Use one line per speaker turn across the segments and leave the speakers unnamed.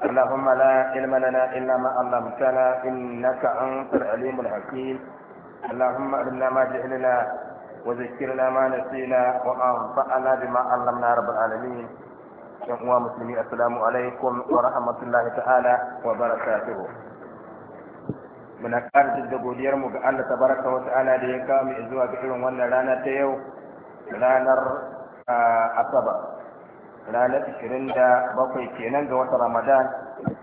اللهم لا علم لنا إلا ما علمتنا إنك أنت العليم الحكيم اللهم علمنا ما جهلنا وذكرنا ما نسينا وأنفعنا بما علمنا رب العالمين يا مسلمين السلام عليكم ورحمة الله تعالى وبركاته muna ƙara jaddada godiyarmu ga Allah tabaraka wa ta'ala da ya kawo mu zuwa ga irin wannan rana ta yau ranar asabar ranar bakwai kenan ga watan Ramadan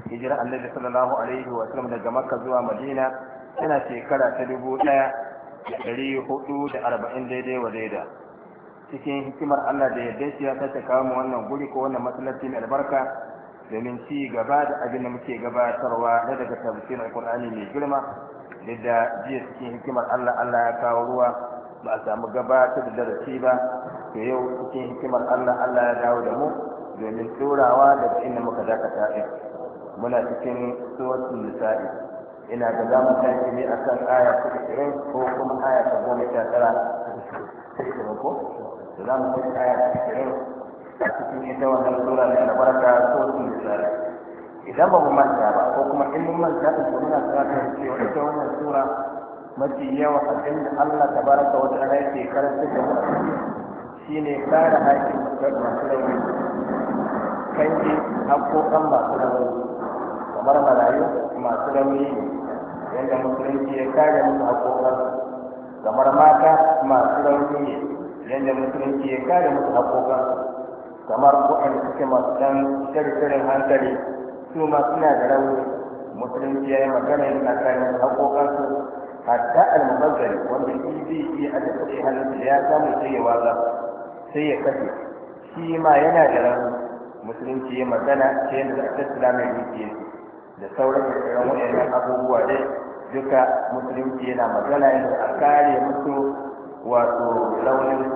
hijira Annabi sallallahu alaihi wa sallam daga Makka zuwa Madina tana shekara ta dubu arba'in daidai wa daida cikin hikimar Allah da yadda shi ya tace kawo mu wannan guri ko wannan masallaci mai albarka domin ci gaba da abin da muke gabatarwa na daga tafsirin Alkur'ani mai girma da jiya cikin hikimar Allah Allah ya kawo ruwa ba a samu gabatar da darasi ba to yau cikin hikimar Allah Allah ya dawo da mu domin turawa da inda muka dakata ɗin muna cikin suratul nisa'i ina da za mu tashi ne akan aya ta ishirin ko kuma aya ta goma sha tara ko da za mu tashi aya ta ishirin a cikin ita wannan sura mai albarka suratul nisa'i idan ba mu manta ba ko kuma in mun manta da su muna tsaka cewa ita wannan sura mafi yawa abinda Allah tabaraka wa ta'ala yake karanta da mu shine kare haƙƙin masu rauni kanki haƙoƙan masu rauni kamar marayu masu rauni yadda musulunci ya kare musu haƙoƙan. kamar mata masu rauni yadda musulunci ya kare musu haƙoƙan. kamar waɗanda suke masu ɗan shirin hankali su ma suna da rauni musulunci ya yi magana yana kare musu su hatta almubazzari wanda shi zai iya ajiye kuɗi hannun da ya samu cewa ya waza sai ya kafe shi ma yana da ran musulunci ya magana sai yadda da a tattala mai dukiya da sauran irin waɗannan abubuwa dai duka musulunci yana magana yadda a kare musu wato launin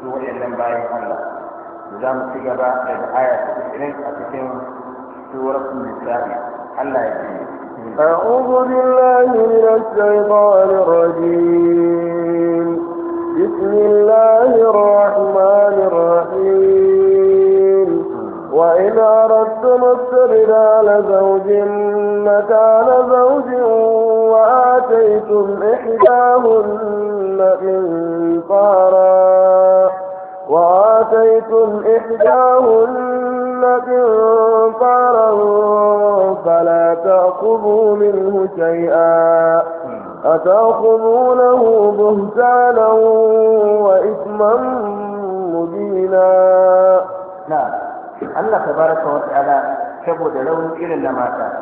su waɗannan bayan Allah za mu ci gaba da aya ta irin a cikin suratul nisa'i Allah ya ce أعوذ
بالله من الشيطان الرجيم بسم الله الرحمن الرحيم وإن أردت استبدال زوج مكان زوج وآتيتم إحداهن قنطارا وآتيتم إحداهن قنطارا فلا تأخذوا منه شيئا أتأخذونه بهتانا
وإثما مبينا نعم الله تبارك وتعالى كبو دلون إلى اللماتا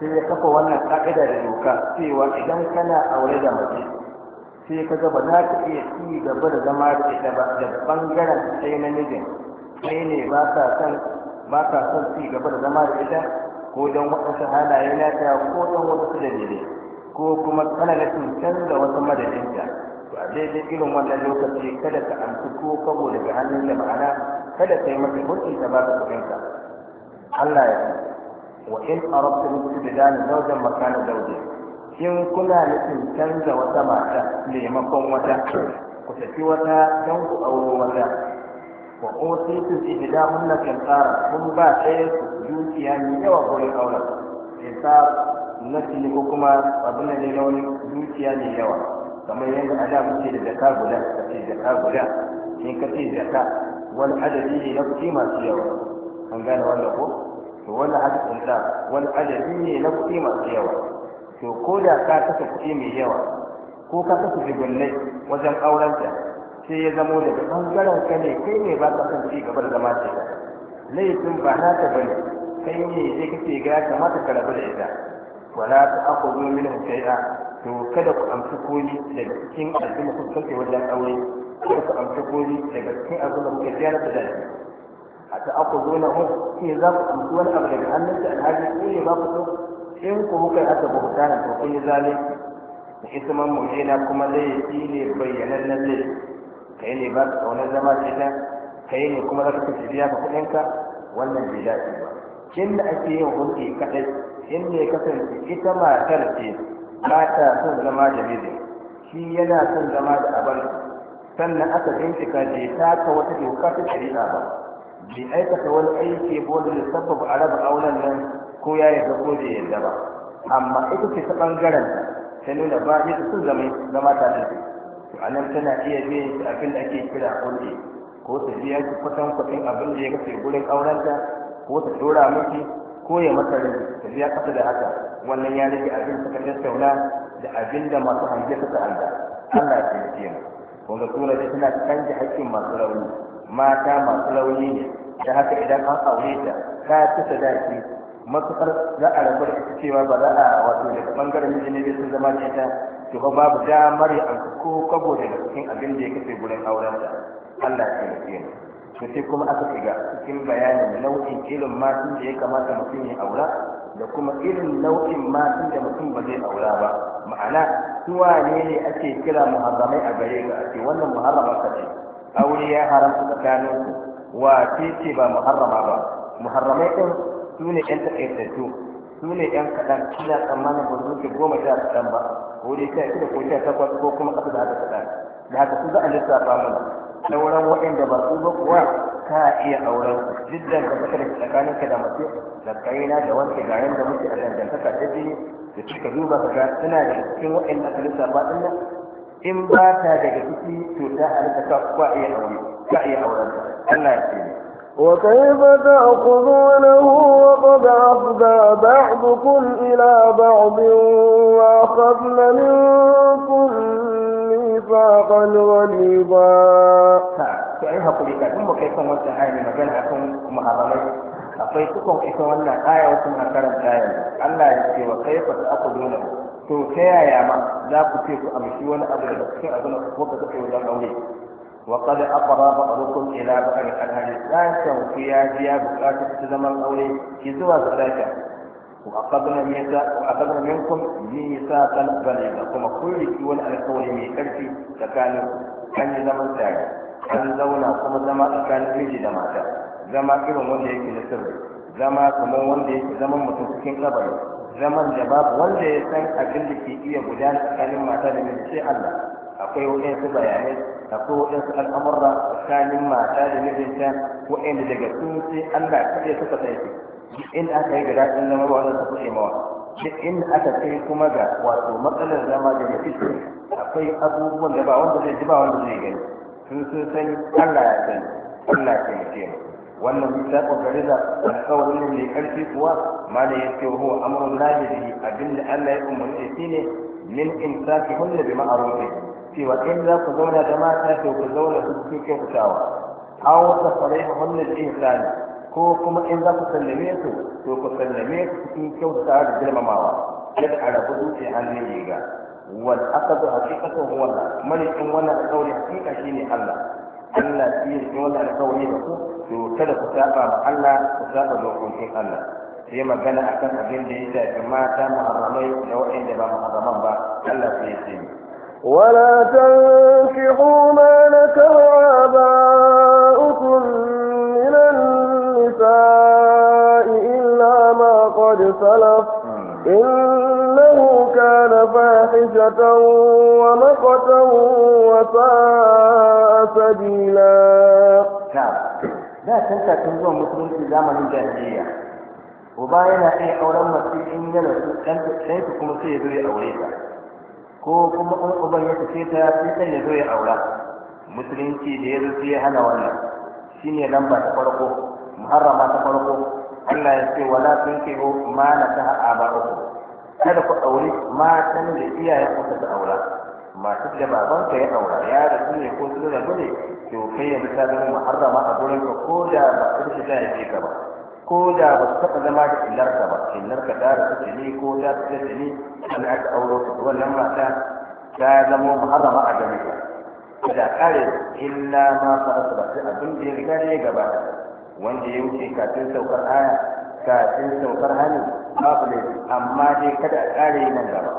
sai ya kafa wannan ka'ida da doka cewa idan kana aure da mace sai ka ga ba za ka iya ci gaba da zama da ita ba da bangaren sai na namijin sai ne ba ka son ba ka son ci gaba da zama da ita ko don waɗansu halaye na ta ko don wasu dalilai ko kuma tsananatin canza wasu madadinta to a daidai irin wannan lokaci kada ka amsu ko kabo daga hannun da ma'ana kada ka yi masa hulɗi ta ba ka kuɗinka Allah ya ce wa in arabtum istibdala zawjan makana zawjin in kuna nufin canza wata mata maimakon wata ku tafi wata don ku auro wata wa ositu kan tsara kun ba ɗaya su zuciya mai yawa gurin auren kantara nasi ne ko kuma abin ne na wani zuciya mai yawa kamar yadda ana muke da zaka guda ka ce zaka guda in ka ce zaka wani adadi ne na kuɗi masu yawa an gane wannan ko to wani haka tsinta wani adadi ne na kuɗi masu yawa to ko da ka kasa kuɗi mai yawa ko ka kasa jigulai wajen aurenta sai ya zamo daga ɓangaren ka ne kai ne ba ka son ci gaba da zama ce laifin ba ta bane kai ne sai kake ga ya kamata ka rabu da ita wala ta aku zo min shay'a to kada ku amsa koli daga cikin abin da kuka wajen aure kada ku amsa koli daga cikin abin da muka jiyar da dai a ta aku zo na hun shi za ku amsa wani abu daga hannun da alhaji ko ne ba ku so in ku kuka yi aka bukutana to kun yi zalunci da isman mu'ina kuma laifi ne bayyanannen laifi kai ne ba ka kaunar zama cikin kai ne kuma za ka fi biya ka kuɗinka wannan bai dace ba kin da ake yin hulɗi kaɗai in ne kasance ita matar ce ba ta son zama da mijin shi yana son zama da abar sannan aka bincika ta taka wata doka ta shari'a ba bai aikata wani aiki ko da sabab a raba auren nan ko ya yi ko da yadda ba amma ita ce ta bangaren ta nuna ba ita sun zama zama ta da to nan tana iya biyan shi abin da ake kira kulli ko ta biya shi kwatan abin da ya kafe gurin aurenta ko ta dora miki ko ya masa tafiya kasa da haka wannan ya rage abin suka Sa'una da abin da masu hange suka hanga Allah ya ce mu kuma sura ta tana canja haƙƙin masu rauni mata masu rauni ne da haka idan an aure ta ta ci sadaki matuƙar za a rabar da ita cewa ba za a wato daga ɓangaren miji ne sun zama ne ta to ba babu damar ya ko kabo daga cikin abin da ya kafe gurin auren Allah ya ce mu to sai kuma aka shiga cikin bayanin nau'in irin matan da ya kamata mutum ya aura da kuma irin nau'in matan da mutum ba zai aura ba ma'ana suwa ne ne ake kira muharramai a gare ka ake wannan muharrama ka ce aure ya haramta tsakanin ku wa ce ba muharrama ba muharramai din su ne yan takaitattu su ne yan kaɗan kina tsammanin ba su ke goma sha kaɗan ba ko dai sha shida ko sha takwas ko kuma ƙasa da haka kaɗan da haka su za a lissafa mana sauran waɗanda ba su ba kuwa ka iya auren duk dangantakar tsakaninka da mace da kaina da wanke ga yanda muke a dangantaka ta jini da suka duba ka ga suna da cikin waɗanda aka lissafa ɗin nan in ba ta daga ciki to ta halitta ka kuwa iya aure ka iya auren Allah ya ce ni
وكيف تأخذونه وقد أفضى بعضكم إلى بعض وأخذن منكم ميثاقا غليظا
to ai hakuri ka in kai kan wannan aya ne magana akan muharramai akwai cikon ita wannan aya wasu na karanta yanzu Allah ya ce wa kaifa ta'quluna to ta yaya ma za ku ce ku amshi wani abu daga cikin abin da kuka kace wajen aure wa qad aqra ba'dukum ila ba'd al-hadith la tawfiya ya buƙatar zaman aure ki zuwa sadaka وأخذنا ميثاق وأخذنا منكم ميثاقا بليغا كما كل كيوان على قول ميكرتي تكالو كان زمن تاعي كان زونا كما زما كان ميجي زما تا زما كيرو وند يكي نسر زما كما وند يكي زمن متن cikin kabari zaman da babu wanda ya san abin da ke iya gudana tsakanin mata da miji Allah akwai waɗansu bayanai akwai waɗansu al'amurra tsakanin mata da mijinta waɗanda daga sun sai Allah kaɗai suka tsaye duk inda aka yi da daɗin zama ba za su fi mawa duk inda aka kai kuma ga wato matsalar zama da ya fito akwai abubuwan da ba wanda zai ji ba wanda zai gani sun sun sani Allah ya sani Allah ya taimake mu wannan misaƙon gariza alƙawarin ne mai ƙarfi kuwa ma da ya ce huwa amurin lahiri abinda Allah ya umarce shi ne min in saki hunna bi ma'arufi cewa in za ku zauna da mata to ku zauna su cikin kyautawa aw ta farai hunna bi ihsani ko kuma in za ku sallame su to ku sallame su cikin kyautata da girmamawa kada a rabu dutse hannun riga wal akadu haqiqatu huwa Allah in wannan alƙawari haqiqa shine Allah Allah shi ya yi wannan alƙawari da ku to kada ku saba ma Allah ku saba dokokin Allah sai magana akan abin da ya shafi mata muharramai da waɗanda ba muharraman ba Allah sai ya ce
ولا تنكحوا ما نكح آباؤكم قد سلف إنه كان فاحشة ومقتا وساء
سبيلا da can kafin zuwan musulunci zamanin jahiliya uba yana iya auren mace in yana su ɗansa kuma sai ya zo ya aure ta ko kuma in uban ya tafi sai ya zo ya aura musulunci da ya zo sai hana wannan shine lamba ta farko ta farko Allah ya ce wala sun ke ho ma na ta ba uku kada ku aure matan da iyayen ku suka aura masu da baban ka ya aura ya da rasu ne ko su da bane to kai yanzu ta zama muharrama a gurin ka ko da ba ku ta yi ka ba ko da ba su taɓa zama da illarka ba illarka ta rasu da ni ko ta fita da ni an aka auro ka wannan mata ta zama muharrama a gare ka da kare illa ma fara su ba sai abin da ya riga ne gaba wanda ya wuce kafin saukar aya kafin saukar hannu babu ne amma dai kada a ƙara yi nan gaba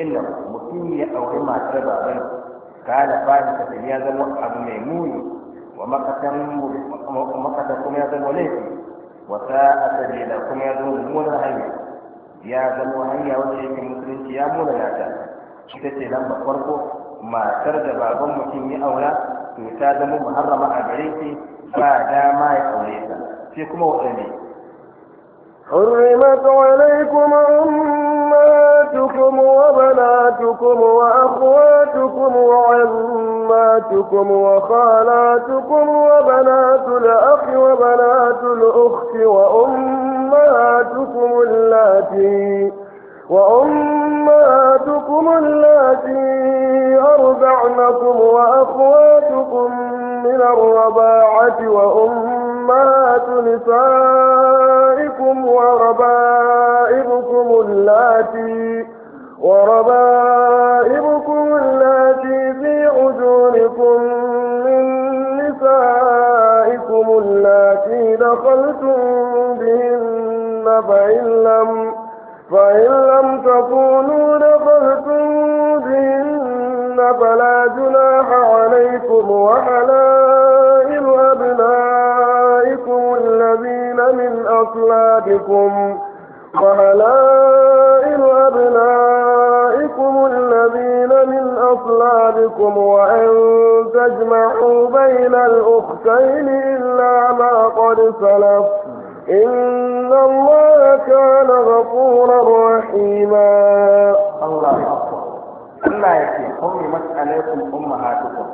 inda mutum ya auri matar baban kala ba da kafin ya zama abu mai muni wa makata kuma ya zama laifi wa sa'a sabila kuma ya zama mummunar hanya ya zama hanya wacce yake musulunci ya muna nata ita ce lamba farko matar da baban mutum ya aura to ta zama muharrama a gare shi ba dama ya aure ta sai kuma waɗanne
حرمت عليكم أماتكم وبناتكم وأخواتكم وعماتكم وخالاتكم وبنات الأخ وبنات الأخت وأمهاتكم اللاتي وأم أمهاتكم التي أرضعنكم وأخواتكم من الرضاعة وأمهات نسائكم وربائبكم التي وربائبكم التي في عجوركم من نسائكم التي دخلتم بهن فإن لم فإن لم تكونوا دخلتم بهن فلا جناح عليكم وحلائل أبنائكم الذين من أصلابكم وحلائل أبنائكم الذين من أصلابكم وأن تجمعوا بين الأختين إلا ما قد سلف إن الله كان غفورا رحيما
الله أكبر الله يكفي هم مسألكم أمهاتكم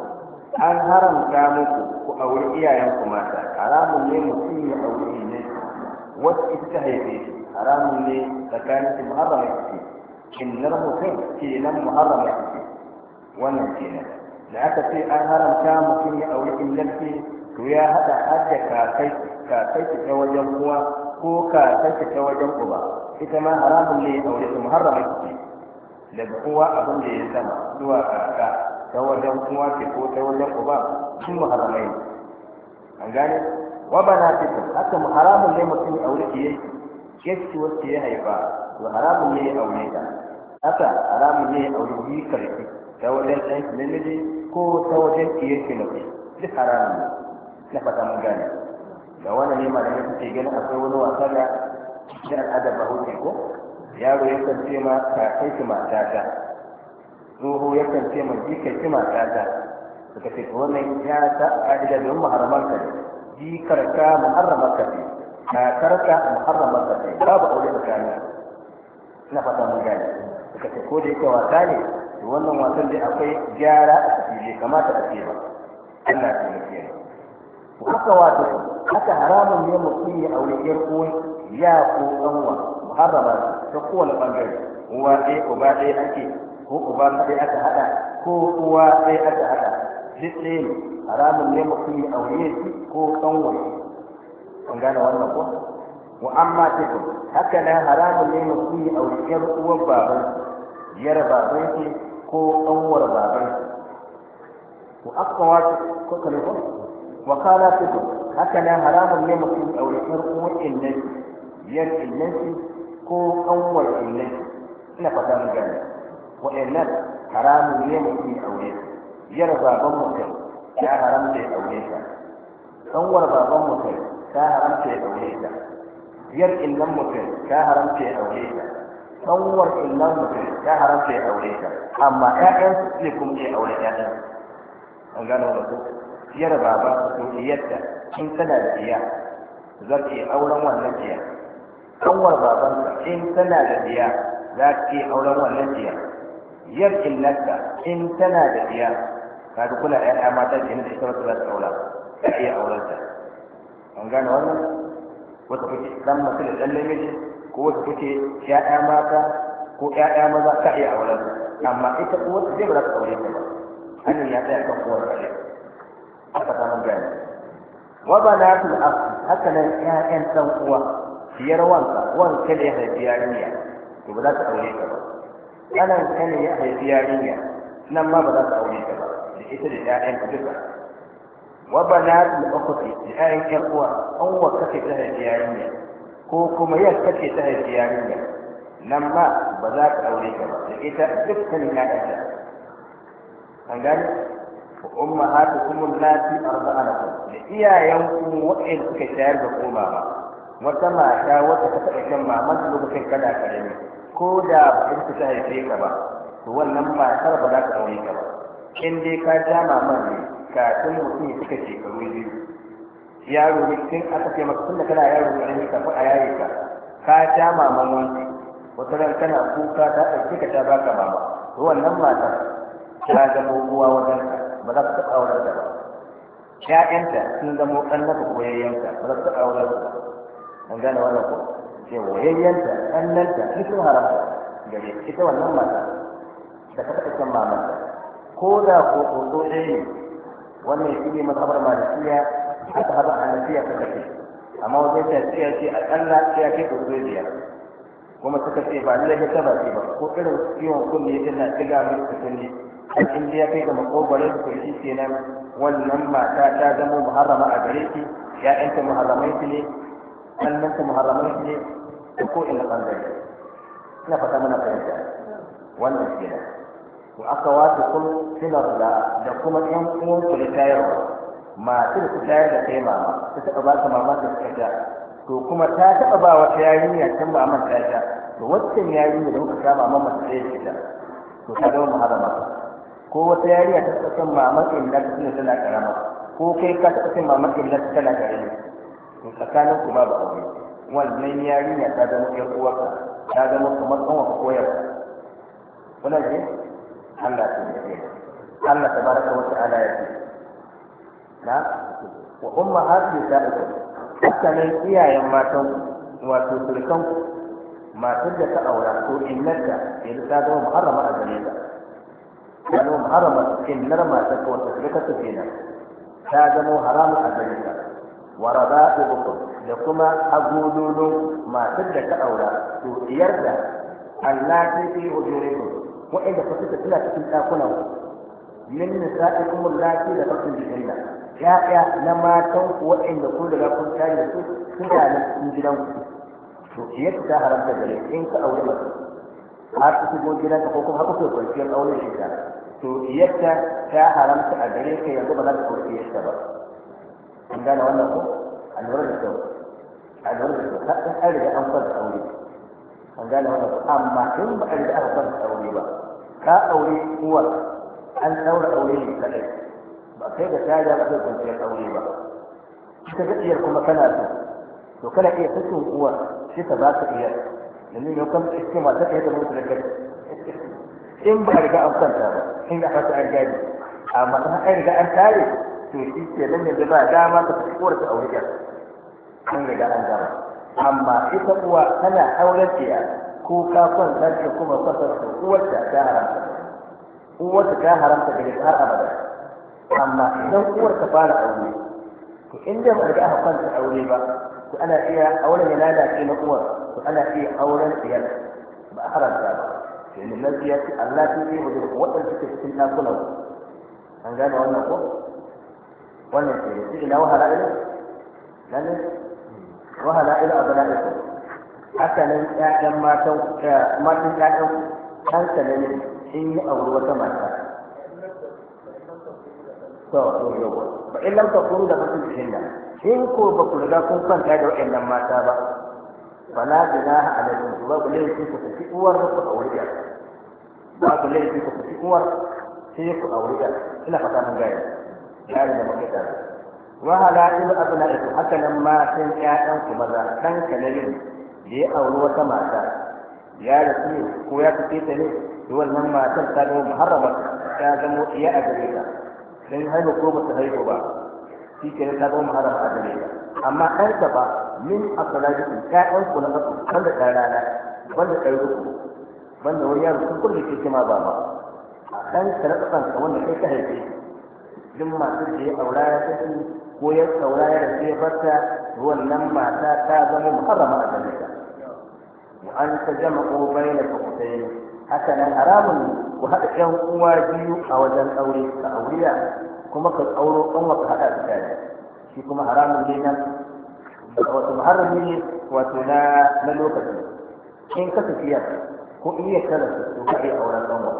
an haramta muku ku auri iyayenku mata haramun ne mutum ya auri ne wasu ita haife haramun ne tsakanin su muharram ya ce kinnar mutum ke nan muharram ya ce wannan kenan da aka ce an haramta mutum ya auri illarki to ya haɗa har da kakai kakarki ta wajen kuwa ko kakarki ta wajen uba ita ma haramun ne a wajen muharrama ki daga uwa abin da ya sama zuwa ka ta wajen kuwa ke ko ta wajen uba sun muharramai an gane wa bana fito haka haramun ne mutum a wurin ki yake wacce ya haifa to haramun ne a wurin ta haka haramun ne a wurin yi karfi ta wajen ɗan namiji ko ta wajen ki yake mace duk haramun ne na fata mun gane Ga wani ne malamai suke ganin akwai wani wasa da cikin al'adar bahaushe ko yaro yakan ce ma kakai ki matata tsoho yakan ce ma jikai ki matata suka ce to wannan ya ta ƙa'ida domin muharramar ka ne jikar ka muharramar ka ne kakar ka muharramar ka ne babu aure tsakanin ina fata mun gane suka ce ko da yake wasa ne to wannan wasan dai akwai gyara a ciki bai kamata a ce ba Allah ya kiyaye haka wato haka haramun ne mutum ya aure ƴar uwan ya ko kanwa muharrama ta kowane bangare uwa ɗaya uba ɗaya ake ko uba ɗaya aka haɗa ko uwa ɗaya aka haɗa duk ɗaya ne haramun ne mutum ya aure shi ko kanwa an gane wannan ko wa amma take haka nan haramun ne mutum ya aure ƴar uwan baban yar baban shi ko kanwar baban shi wa akwai kuka ne ko وقال كتب هكذا حرام يمكن او يحرق الناس يد الناس كو اول الناس انا فتام جانا وإلا حرام يمكن او يد يرى بابا مكن يا حرام تيد او يد صور بابا مكن يا حرام تيد او يد يد الناس مكن يا حرام تيد او يد صور الناس مكن يا حرام تيد او يد اما اعز لكم يا اولي اعز انا قالوا لكم diyar baba ko yadda in tana da diya za ta iya auren wannan diya kanwar babansa in tana da diya za ta iya auren wannan diya yar illarta in tana da diya ka ga kula da ƴaƴa mata kenan da ita wata za ta aura ka iya auren an gane wannan wata kuke dan masu da dan namiji ko wata kuke ƴaƴa mata ko ƴaƴa maza ta iya auren amma ita uwarta zai ba za ta aure ta ba hannun ya tsaya kan ka kare aka ta mun gane wa banatul akh haka nan ƴaƴan dan uwa biyar wanka wanka da ya haifi yarinya to ba za ta aure ka ba kanan ka ya haifi yarinya nan ma ba za ta aure ka ba da ita da ƴaƴan ka duka wa banatul ukhti da ƴaƴan ƴan uwa an wa kace ta haifi yarinya ko kuma yan kace ta haifi yarinya nan ma ba za ta aure ka ba da ita dukkan ƴaƴan an gane ummahatukum allati arda'anakum da iyayen ku wa'in suka shayar da koma ba wata mata wata ta taɓa shan maman ta lokacin kana karami ko da ba ita ta haife ka ba to wannan matar ba za ka aure ka ba in dai ka ja maman ne kafin mutum ya cika shekaru biyu yaro ne tun aka ce maka tun da kana yaro ne an yi kafin a yaye ka ka ja maman wani wata ran kana kuka ta ɗauke ka ta baka mama to wannan matar ta zama uwa wajen ba za ka taɓa aurar da ba ƴaƴanta sun zamo ɗan ko yayyanta ba za ka taɓa aurar da ba mun gane wannan ko cewa yayyanta nanta duk sun haramta gare ita wannan mata da ka taɓa can mamanta ko da ko tsotso ɗaya ne wannan shi ne mazhabar malikiya aka haɓa hanafiya ta kace amma wajen ta tafiya ce aƙalla sai ke ko zai biyar kuma suka ce ba lallai ta ba ce ba ko irin ciwon kunne na ɗiga mai kunne in dai ya kai ga makogwarin ku shi kenan wannan mata ta zama muharrama a gare ki ya'yanta muharramai su ne ɗannanta muharramai su ne ta ko ina ɓangare ina fata mana fahimta wannan kenan to aka wata kun suna kula da kuma ƴan uwan ku da tayarwa masu da ku tayar da kai mama ta taɓa ba ta mama ta suka ja to kuma ta taɓa ba wata yarinya can maman ta ja to wancan yarinya da kuka sha mama mace ɗaya ce ta to ta zama muharrama ko wata yariya ta tsaka cin mamar ta tuna tana karama ko kai ka tsaka cin mamar illa ta tana karama to tsakanin ku babu aure wannan yarinya ta zama ƴan uwarka ta zama kamar ɗan wata koyar kuna ji Allah ta yi Allah ta baraka wata ala ya ce na wa umma hafi ta da haka iyayen matan wato sulkan matar da ta aura ko innarta yanzu ta zama muharrama a gare ta yano harama cikin narma ta kawar ta shirka ta fina ta zama haramun a gari ka wa raba da da kuma agudodo masu da ta aura to diyar da allah ta yi ojere ku ko inda ku suka tuna cikin ɗakunan min nisa'i kuma lafi da fasin jikin ya'ya na matan ku waɗanda kudu da rakun ta yi da su sun da na cikin gidan ku to ciye ku ta haramta gari in ka aure masu har su shigo gidan ka ko kuma haku sai kwanciyar aure shekara to diyarta ta haramta a gare ka yanzu ba za ka kori diyarta ba an gane wannan ko a lura da kyau a lura da kyau kaɗan an riga an fara aure an gane wannan ko amma in ba a riga an fara aure ba ka aure uwar an ɗaura aure ne kaɗai ba kai da ta ja ba zai kwanciyar aure ba ita gaɗiyar kuma kana so to kana iya fitin uwar sai ka ba ka iyar domin yau kan iske masu ɗaya da mutu da kai in ba a riga an kwanta ba in da fata an gadi amma in an riga an tare to shi ke nan yanzu ba dama ka fi kowar ta aure kan riga an gama amma ita uwa tana auren ɗiya ko ka kwanta ta kuma kwanta ta uwar ta ta haramta Uwar ta ta haramta daga har abada amma idan uwar ta fara aure to da ba a riga an kwanta aure ba to ana iya auren ya lalace na uwar to ana iya auren ɗiyar ba a haramta ba domin nan ya ce Allah ta yi wajen waɗanda suke cikin ɗakuna an gane wannan ko wannan ke yanzu ina wahala ila wahala ila a bana ila haka nan ƴaƴan matan eh, matan ƴaƴan kansa ne in yi aure wata mata to to yawa ba in lam takunu da mutum cikin da. in ko ba ku riga kun kwanta da waɗannan mata ba fala jinaha alaikum ba ku laifi ku tafi uwar ku ba aka laifi ku fi uwar sai ku a wuri ina fata mun gaya gaya da muke tare wa halailu abna'ikum haka nan matan ƴaƴan ku maza dan kalalin da ya auri wata mata ya da su ko ya fice ta ne da wannan matar ta zama muharrama ta zama iya a gare ta Sai haihu ko ba ta haihu ba shi ke ta zama muharrama a gare ta amma ɗan ta ba min asalajikum ƴaƴan ku na kasu wanda ɗan rana wanda ɗan ku. بل هو يارب في كل شيء كما بابا أن سنبقى أن في تهلك لما تجي أولادك ويس أولاد في بس هو لما تاتاب محرم على وأنت جمع بين الفقتين حتى لا أرام وهذا كان واجي أو ذن أولي كأولياء كما قد أولو أمك هذا بكاد فيكم أرام لنا وتمحرم لي وتنا ملوكة إن كتب فيها ko iya kala su kai iya auren ɗan wa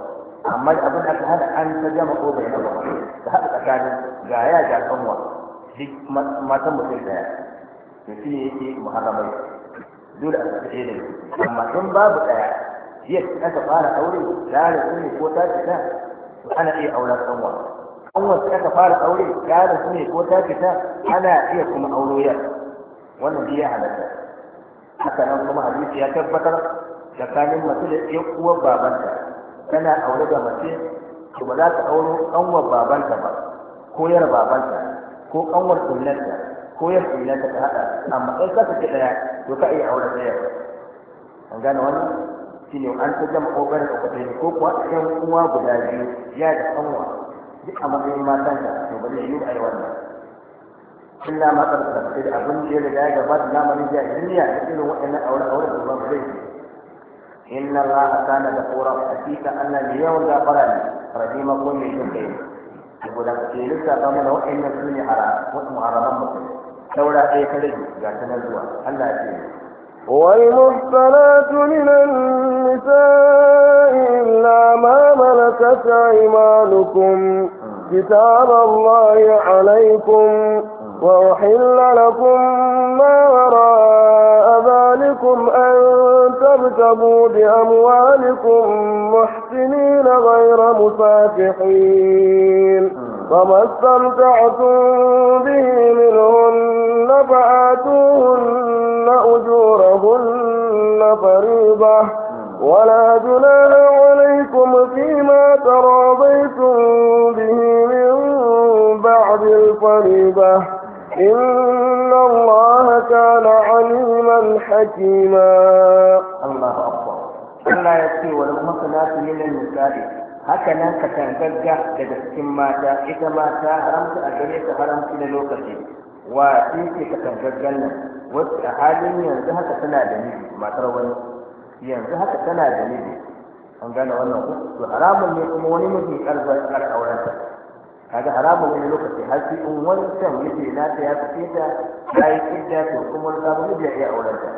amma abin da aka hana an ta jama ko bai na gaba da haka tsakanin ga ya ga ɗan wa duk matan mutum ɗaya to shi ne yake muharramai dole a tsaye da amma in babu ɗaya jiya ta fara aure da su ne ko ta fita to ana iya auren ɗan wa ɗan wa aka fara aure da su ne ko ta fita ana iya kuma auro yar wannan biya halatta haka nan kuma hadisi ya tabbatar tsakanin mace da ƴan uwar babanta tana aure da mace to ba za ta auro kanwar babanta ba ko yar babanta ko kanwar sunnanta ko yar sunnanta ta haɗa amma in ka saki ɗaya to ka iya aure ɗaya an gane wani? shi ne an ta jama ƙoƙarin ƙoƙarin ko kuwa ɗan uwa guda biyu ya da kanwa duk a matsayin matan da to ba zai yi ba a yi wannan illa ma ƙarfi da abin da ya riga ya gabata zamanin jahiliya da irin waɗannan aure-aure da ba zai yi إن الله كان ذكورا حسيسا أن اليوم ذا قرن رجيم كل شيء يقول لك إيه لسا قمنا وإن الدنيا على وإن معرضا مقل لو لا أي خليه جاتنا الزوا ألا أتيه
والمحصنات من النساء إلا ما ملكت أيمانكم كتاب الله عليكم وأحل لكم ما وراء لكم أن تركبوا بأموالكم محسنين غير مسافحين فما استمتعتم به منهن فآتوهن أجورهن فريضة ولا جناح عليكم فيما تراضيتم به من بعد الفريضة إن الله كان عليما
حكيما الله أكبر الله يكفي ولو ما كانت من المثال هكذا كتنجج كدس مات إذا مات هرمت أجريت هرم في لوكتي وإنك كتنجج لنا وحالي ينزه كتنا جميل ما تروي ينزه كتنا جميل أن قال وأنه حرام من أموني مهي kaga haramun wani lokaci har sai in wancan yake na ta ya fice ta ya yi idda to kuma wani sabon miji ya iya auren ta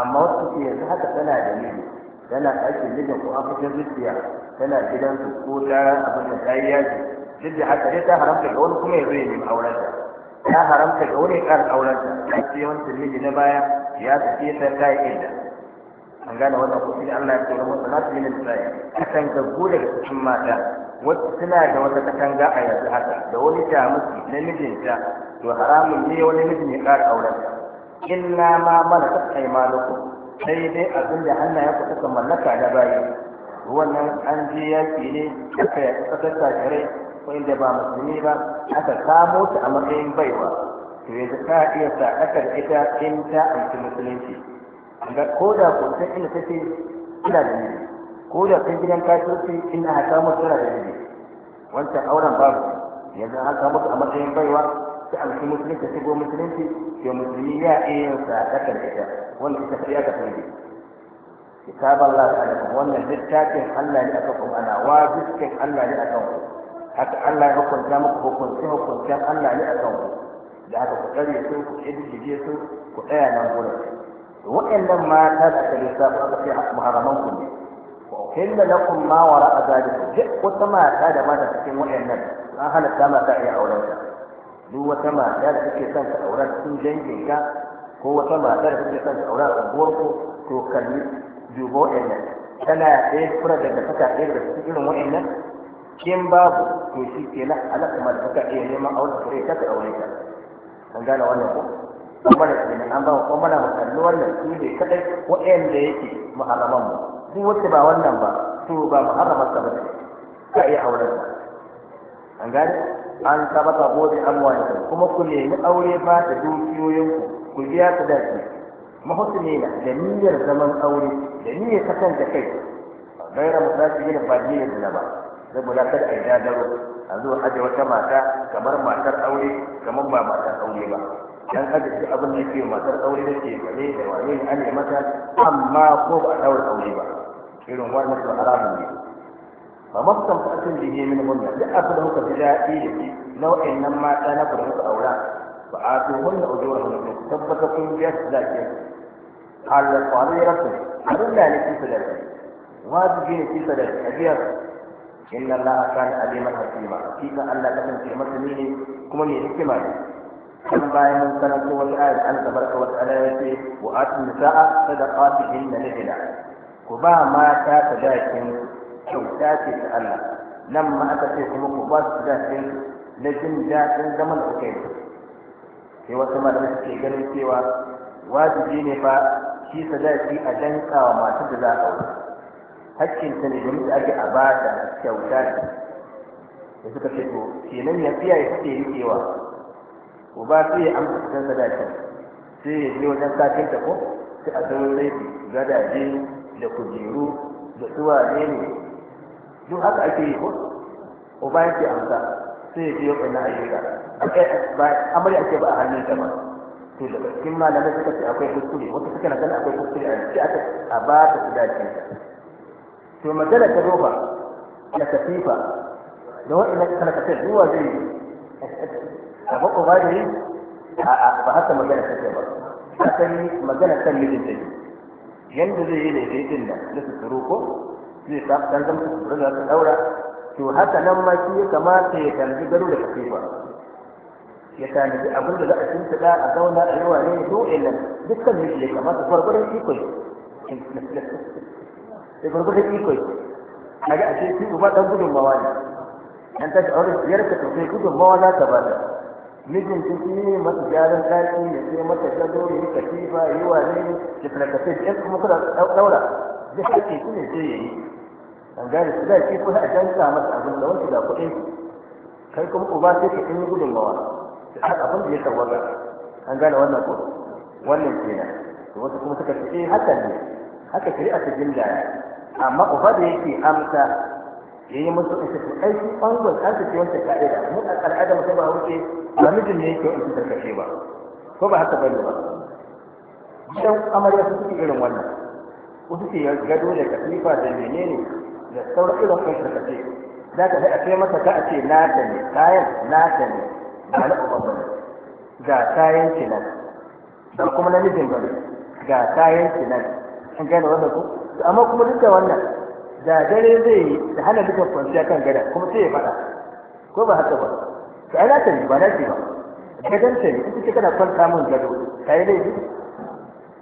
amma wasu ke yanzu haka tana da miji tana ɗakin mijin ko afirkin zuciya tana gidan su, ko ta abin da ta yi yaji duk da haka dai ta haramta ga wani kuma ya zo ya nemi auren ta ta haramta ga wani ƙarin auren ta ta ce wancan miji na baya ya fice ta ta yi idda an gane wannan kuɗi Allah ya tsoro masa na su yi na tsaye a kan gaggo daga cikin mata suna da wata katanga a yanzu haka da wani jamusi na mijinta to haramun ne wani mijin ya ƙara auren illa ma malakat ku. sai dai abin da ya ku suka mallaka na bayi wannan an je yaki ne aka yi kasar tashirai inda ba musulmi ba aka samo ta a matsayin baiwa to yanzu ka iya sadaka da ita in ta amshi musulunci ko da kun ta inda take ina da ni ko da kai gidan kafirci ina haka musu yana da ne wancan auren babu yanzu haka musu a matsayin baiwa ta amshi musulunci ta shigo musulunci ke musulmi ya iya yin sadakar ita wanda ita sai aka sani kitab Allah ta'ala wannan littafin Allah ne akan kuma ana wajibin Allah ne akan ku haka Allah ya hukunta muku hukunci hukuncin Allah ne akan ku da haka ku tsare su ku kididdige su ku tsaya nan gurin waɗannan mata da aka lissafa aka ce muharraman ku ne وأحل لكم ما وراء ذلك duk wata mata da mata cikin waɗannan an halatta mata iya auren ta duk wata mata da suke son ka aura cikin dangin ka ko wata mata da suke son ka aura a unguwar ko to kalli dubo waɗannan tana ɗaya fura daga saka ɗaya da cikin irin waɗannan Kin babu to shi ke na alaƙa ma da saka iya neman auren ka ita ka aure ta an gane wannan ko kuma da kenan an ba mu kuma na mu kalli wannan su ne kaɗai waɗanda yake muharraman mu duk wacce ba wannan ba to ba muharramarsa ba ka aure auren an gani? an sabata ko da amwani kuma ku nemi aure ba da dukiyoyinku ku biya su da shi na. da niyyar zaman aure da niyyar kasance kai gaira musafi yin ba da zina ba zai mulakar a daro a zuwa aje wata mata kamar matar aure kamar ba matar aure ba dan aje shi abin da yake matar aure da ke bane da wani an yi mata amma ko ba a daura aure ba irin wannan to haramun ne fa maskan fatin da ne min wannan duk abin da kuka ji daɗi da shi nau'in nan mata na kuma kuka aura fa a to wannan ujura ne tabbata kun biya su da ke Allah qariratu abin da ne kisa da shi wajibi ne kisa da shi abiya inna Allah kana aliman hakima kika Allah kasance masani ne kuma mai hikima ne kan bayan mun sanar ko wata ayat an tabaraka wa ta'ala yace wa atun nisaa sadaqatihinna nihla ku ba mata sadakin kyauta ce ta Allah nan ma aka ce kuma ku ba su dakin na jin daɗin zaman da kai sai wasu malamai suke ganin cewa wajibi ne fa shi sadaki a danka wa masu da za a hakkin ta ne domin ake a ba da kyauta ce da suka ce to kenan ya fiya ya suke riƙewa ku ba su ya amsa cikin sadakin sai ya je wajen kafinta ko sai a zama laifi gadaje da kujeru da suwa ne ne duk haka ake yi ko uba yake amsa sai ya biyo kai na ayyuka amarya ake ba a hannun ta ba to da cikin malamai suka ce akwai kuskure wata suka na gana akwai kuskure a ce aka a ba ta su dace to magana ta roba da katifa da waɗannan karkatar zuwa zai yi a bako ba da yi a ba haka magana ta ce ba asali magana kan mijin ta yi yanda zai yi laifi din nan da su ko zai sa dan zama su tsoro za su daura to haka nan ma shi ya kamata ya tanji gado da kafifa ya tanji abin da za a shimfiɗa a zauna a yawa ne to illan dukkan ne ya kamata gwargwaron iko da gwargwaron iko a ga a ce shi ba dan gudunmawa ne an tashi a biyar ziyarta to sai gudunmawa za ta ba ta mijin ta yi mata gyaran ɗaki ya sai mata gado ya yi katifa ya yi wane ne ya tarkace ya kuma kuna daura. zai haƙe shi ne sai ya yi an su zai ce kuna a janta masa abin da wanki da kuɗin kai kuma uba sai ka ɗin gudunmawa da haka abin da ya tawaga an gane wannan ko wannan kenan to wasu kuma suka ce eh hakan ne haka shari'a ta jindaya amma uba da yake amsa ya yi musu ita to ai shi ɓangon an ta ce wancan ka'ida mu a al'ada mu wuce ba mijin ne yake wasu karkace ba ko ba haka bane ba gidan amarya su suke irin wannan ko suke gado da katifa da ne da sauran irin kai karkace za ka sai a kai masa ka a ce nata ne kayan nata ne ba na uban ba ga kayan kinan da kuma namijin ba ga kayan nan an gane wannan ko amma kuma duk da wannan da dare zai yi da hana duka kwanciya kan gada kuma sai ya faɗa ko ba haka ba to na ta ne ba na ce ba gadon ta ne ita ce kana kwanta mun gado ka yi laifi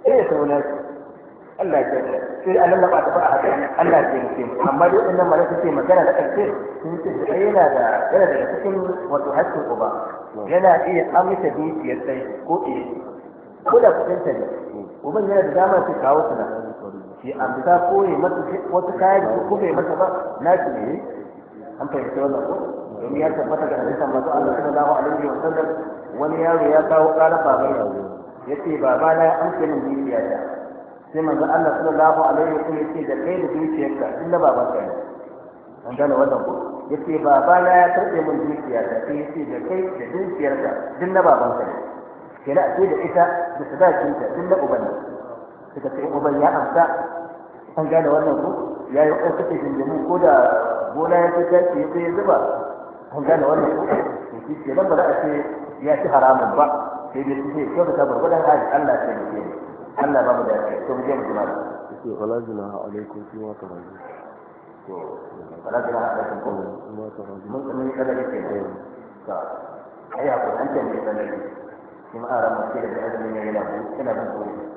sai ya sauna Allah ya ce sai Allah lallaba ta ba a haka Allah ya ce amma dai wannan malaka ce magana da kace sun ce sai yana da yana da cikin wato hakkin uba yana iya amsa dukiyar sai ko eh ko da kudin ta ne uban yana da dama sai kawo su nan shi amsa ko ya masa wata kayan ko bai masa ba na shi ne eh, an fahimci wannan ko domin ya tabbata da hadisan manzo Allah sallallahu alaihi wa sallam wani yaro ya kawo ƙarar baban yaro ya ce baba na ya amsa min dukiya sai manzo Allah sallallahu alaihi wa sallam ya ce da kai da dukiyarka in na baban kai, an gane wannan ko ya ce baba na ya karɓe min dukiya ta sai ya ce da kai da dukiyarka duk na baban kai, ne na a ce da ita da sadakinta duk na uban suka ce uban ya amsa an gane wannan ko ya yi ɗaukaka jinjimu ko da gona ya fi sai ya zuba هنگام آن وقت که دنبال آتی یا تهران با که دستی که دست بر بوده از الله سنتی الله با بوده تو میگم چی میاد؟
استی خلاص نه علی کوچی ما تراژی خلاص نه علی کوچی ما تراژی من کمی کلا گفتم
که حیا کن بابا میتونی کیم آرام مسیر به از من یه لحظه کلا بنویسی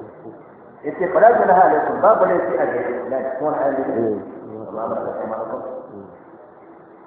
استی خلاص نه علی کوچی با بوده استی اگه نه کون علی کوچی الله مرا کمال کن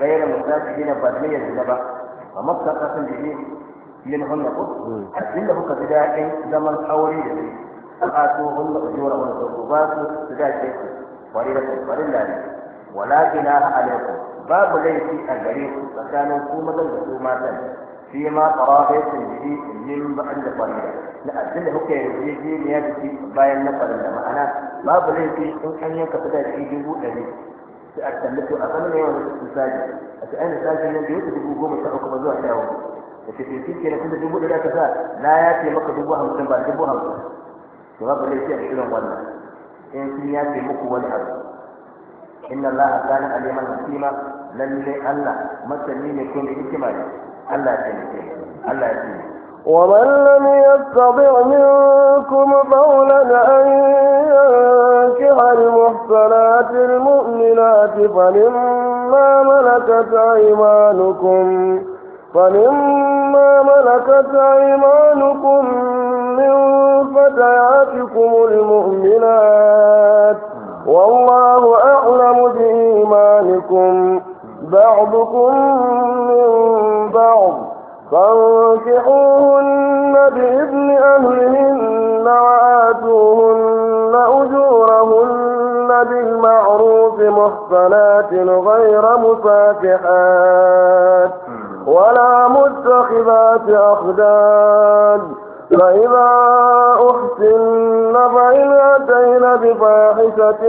غير مستاجدين فأدمية الجنبا ومبتقى سنجدين منهن قد أدله كبداء زمن حوري فآتوهن أجورهن العقوبات سداجة فريدة فريدة ولا جناح عليكم باب ليس الجريم فكانوا كومة لكومة فيما قرابة به من بعد فريدة لا أدله كيجي نيابتي باين نفر لما أنا باب ليس إن كان ينكفدا في جنبو أبي sai a tambaye to a kan ne yawan misali a ce ai misali nan da yake dubu goma sha uku ba zuwa sha hudu da ke teku ke na kuma dubu ɗaya ka sa na ya taimaka dubu hamsin ba dubu hamsin to ba ne laifi a irin wannan in sun ya taimaka wani abu inna allaha kana aliman hakima lalle allah masani ne kuma hikima ne allah ya ce allah ya ce
ومن لم يستطع منكم قولا أن ينكح المحصنات البينات فمما ملكت أيمانكم فمما ملكت أيمانكم من فتياتكم المؤمنات والله أعلم بإيمانكم بعضكم من بعض فانكحوهن بإذن أهلهن وآتوهن أجورهن بالمعروف محصنات غير مسافحات ولا متخذات أخداد فإذا أحسن فإن أتين بفاحشة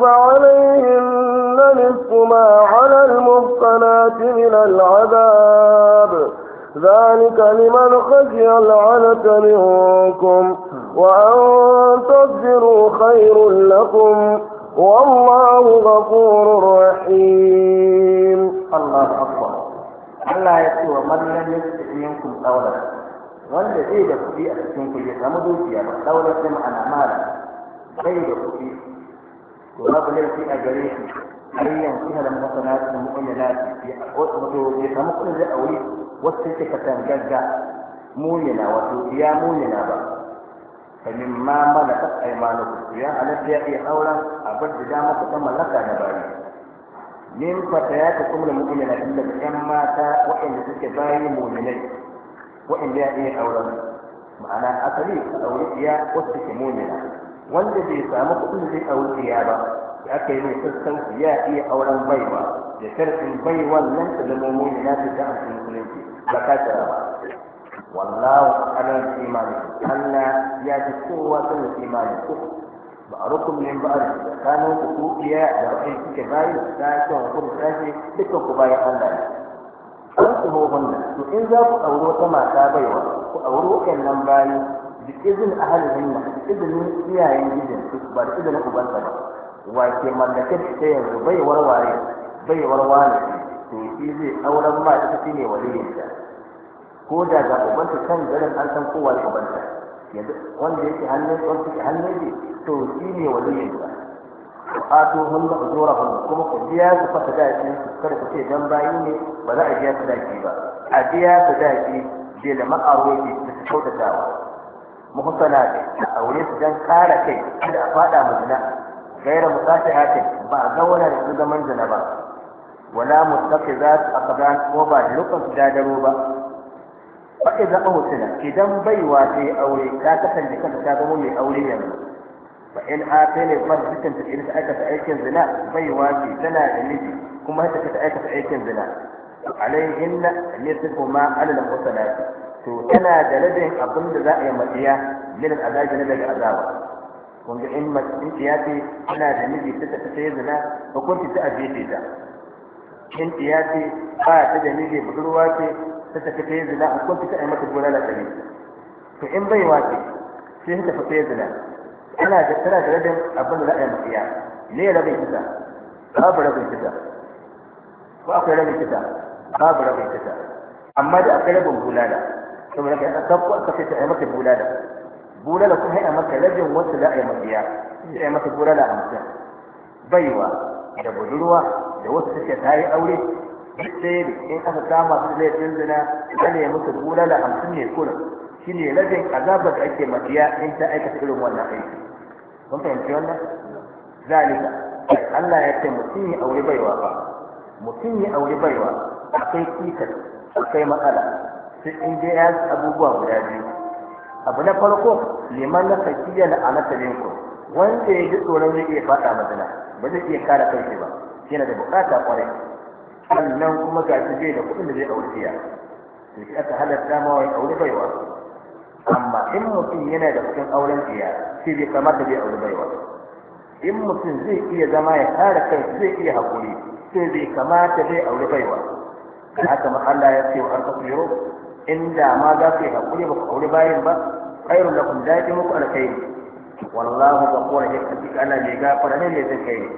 فعليهن نصف ما على المحصنات من العذاب ذلك لمن خشي العنة منكم وأن تصبروا خير لكم والله غفور رحيم
الله أكبر Allah ya ce wa mallan ya ce wanda zai da kuɗi a cikin ku ya samu dukiya ba qawlan sai ma'ana mala sai da kuɗi to babu laifi a gare shi har yanzu da masana su mu'mina lafi ya wato ya samu kuɗin zai aure wasu take ka tangagga mu'mina wato ya mu'mina ba kamin ma malakat aymanukum ya halatta ya iya auren abin da dama ku mallaka na bayi min fatayatukum lil mu'minina illa yan mata wa'anda suke bayi mu'minai wa'anda ya iya auren ma'ana asali a aure iya wasu suke mu'mina wanda bai samu kuɗin zai aure iya ba ya aka yi mai sassauci ya iya auren baiwa da sharɗin
baiwan nan ta zama mu'mina ta da musulunci ba ka ba
wallahu anan imani Allah ya ji kowa sanin imani ku ba'arukum min ba'ar tsakanin ku kuɗiya da ra'ayi kuke bayi sashen ku da sashe dukkan ku bayan Allah ne an su hohunna to in za ku auro ta mata baiwa ku auro waɗannan bayi da izin ahalihinna da izinin iyayen gidan ba da izinin ubansa ba wa ke mallake da ita yanzu baiwar waye baiwar wane to shi zai auren ma ita shine ta. ko da ga kan garin an san kowa da ubanta wanda yake hannun wanda yake hannun ne to shi ne waliyin sa ato hunna ujurahun kuma ku biya ku fa sadaqin su kada ku ce dan bayi ne ba za a biya ku sadaqi ba a biya ku sadaqi je da ma'aroji da su kautatawa muhsana da aure su dan kare kai kada a fada mazina gaira musatihatin ba a zauna da su zaman zina ba wala a aqdan ko ba da lokacin dadaro ba Baka zaɓa hotuna idan baiwa ta aure ta kasance kanta ta zama mai aure yanzu fa in a kai ne dukkan ta irin aikata aikin zina baiwa ce tana da miji kuma ta ta aikata aikin zina alaihinna nisfuma alal musallat to tana da ladin abin da za a yi matsiya min azabi na daga azaba kun ga in ya ce tana da miji ta ta yi zina hukunci ta ajiye ta in tiya ce ba ta da miji budurwa ce ta tafi ta yi zina a kwanci ta mata gona na ɗari to in bai wace sai ta tafi ta yi zina tana da tana da rabin abin da za a yi mata ya rabin kisa babu rabin kisa ko akwai rabin kisa babu rabin kisa amma da akwai rabin bulala saboda ka yi ɗan sabon ka sai ta yi mata bulala bulala kuma ya mata rabin wasu za a yi mata ya sai mata bulala a mutum baiwa da budurwa da wasu take ta yi aure duk ne in aka kama su zai zina ana ne musu da hamsin ne kuna shi ne rabin azabar da ake mafiya in ta aikata irin wannan aiki kun fahimci wannan zalika Allah ya ce mutum yi aure baiwa ba mutum yi aure baiwa akwai kitar akwai matsala sai in dai ya abubuwa guda biyu abu na farko liman na sakiya na anata ku. wanda ya ji tsoron zai iya fada magana, ba zai iya kare kai ba yana da bukata kwarai sannan kuma ga shi zai da kuɗin da zai ɗauri biya to shi aka halatta ma wani ɗauri baiwa amma in mutum yana da cikin auren biya shi bai kamata bai ɗauri baiwa in mutum zai iya zama ya kare kai zai iya haƙuri sai bai kamata bai ɗauri baiwa da haka ma Allah ya ce wa an in da ma za ku yi haƙuri ba ku ɗauri bayan ba khairun lakum daɗi muku alkhairi wallahu ghafurun hakim ana mai gafara ne mai zai kai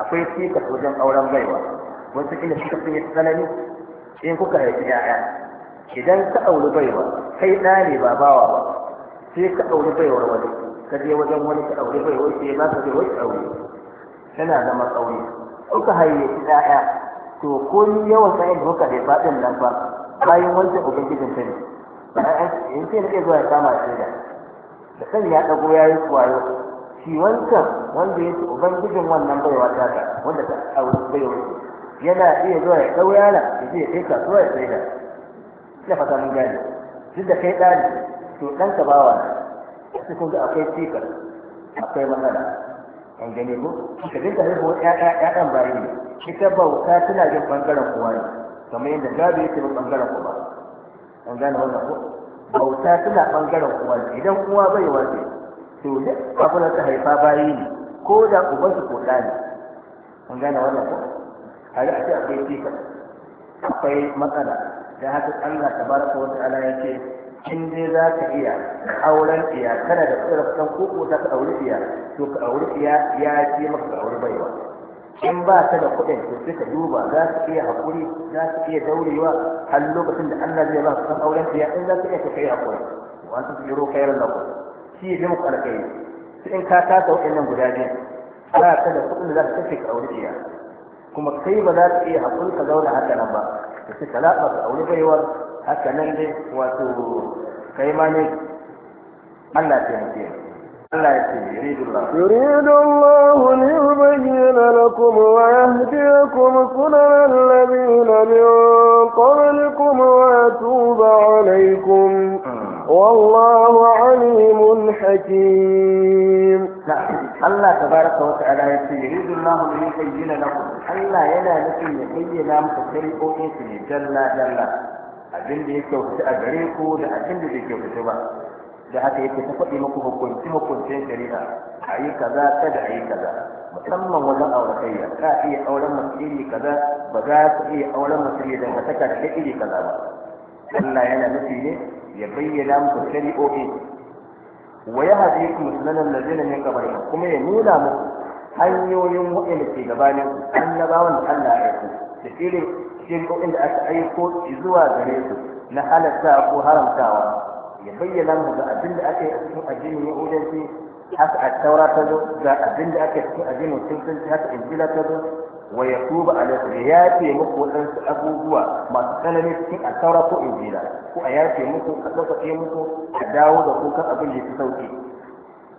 akwai sikas wajen auren baiwa wasu kila shi kafin ya tsanani in kuka haifi ya'ya idan ka auri baiwa kai ɗa ne ba bawa ba sai ka auri baiwar wani ka je wajen wani ka auri baiwar sai ya ka je wani aure tana zama aure. kuka haifi ɗaya to ko ni yawan sa'in kuka bai faɗin nan ba bayan wancan ubangijin ta ne in sai na iya zuwa ya kama shi da da kan ya ɗago ya yi kwayo shi wancan wanda ya ce ubangijin wannan baiwa ta wanda ta auri baiwar yana iya zuwa ya ɗau yana ya je ya kai kasuwa ya saida ya fata mun gane duk da kai ɗani to ɗan ka bawa sai kun ga akwai cikar akwai matsala an gani ko ka dinka haihuwar ko ƴaƴan bayi ne ita bauta tana jin ɓangaren kowa ne kamar yadda gado yake bin ɓangaren kowa an gane wannan ko bauta tana ɓangaren kowa ne idan kowa bai wace to ne abin da ta haifa bayi ne ko da ubansu ko ɗani an gane wannan ko kaga a ce akwai sifa akwai matsala da haka Allah ta bar ko ta'ala ya yake in dai za ka iya auren iya kana da tsirafin koko ta ka auri iya to ka auri iya ya ce maka ka auri baiwa in ba ka da kuɗin to sai ka duba za ka iya haƙuri za ka iya daurewa har lokacin da Allah zai ba ka san auren iya in za ka iya ka kai haƙuri wa ta tsiro kayar da ku shi ya muku alƙairi sai in ka kasa waɗannan guda biyu ba ka da kuɗin da za ka kashe ka auri iya kuma kai ba za ka iya haƙuri ka zauna haka nan ba da su ka laɓa ka aure baiwar haka nan dai wato kai ma ne Allah ta yi Allah ya ce yuridu
لكم ويهديكم سنن الذين من قبلكم ويتوب عليكم والله عليم حكيم
الله تبارك وتعالى يريد الله ان يبين لكم الله يلا لكم يبين لكم طريقه جل جل abin da ya kyautata a gare ku da abin da bai kyautata ba da haka yake ta faɗi muku hukunci hukuncin shari'a a yi kaza da a yi kaza musamman wajen auratayya ka iya auren masu iri kaza ba za su iya auren masu iri dangantaka da iri kaza ba Allah yana nufi ne ya bayyana muku shari'o'i wa ya haɗe ku musulmanin lazina min kabari kuma ya nuna muku hanyoyin waɗanda ke gabanin annabawan da Allah ya yi da irin shari'o'in da aka aiko zuwa gare su na halatta ko haramtawa ya bayyana muku ga abin da aka yi a cikin addinin yahudanci haka a taura ta zo ga abin da aka yi cikin addinin kristanci haka injila ta zo ويتوب على ياتي مكو ان هو ما كانن في اثرته انجيلا كو ياتي مكو كذا في مكو داو ده كو كان ابن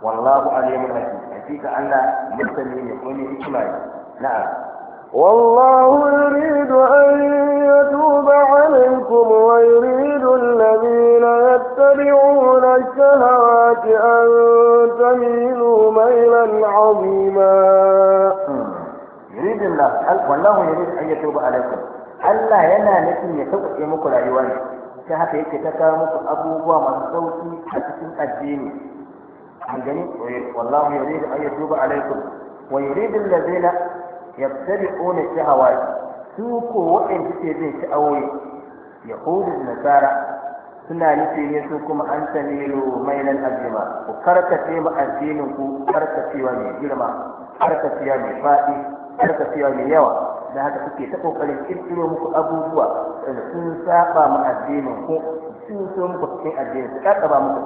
والله عليم الحكيم أتيك ان مثل من قولي يقول نعم
والله يريد ان يتوب عليكم ويريد الذين يتبعون الشهوات ان تميلوا ميلا
عظيما yuridillah wallahu yurid an ba alaikum Allah yana nufin ya sauƙaƙe muku rayuwa ne ta haka yake ta kawo muku abubuwa masu sauƙi a cikin addini an gani wallahu yurid an yatuba alaikum wa yuridul ladina yattabi'una shahawat su ko waɗanda ke bin sha'awoyi yahudun nasara suna nufi ne su kuma an tamilu mailan azima ku karkace ma addinin ku karkacewa mai girma karkacewa mai faɗi karkacewa mai yawa da haka suke ta kokarin kirkiro muku abubuwa da sun saba mu addinin ku sun so muku cikin addinin su ba muku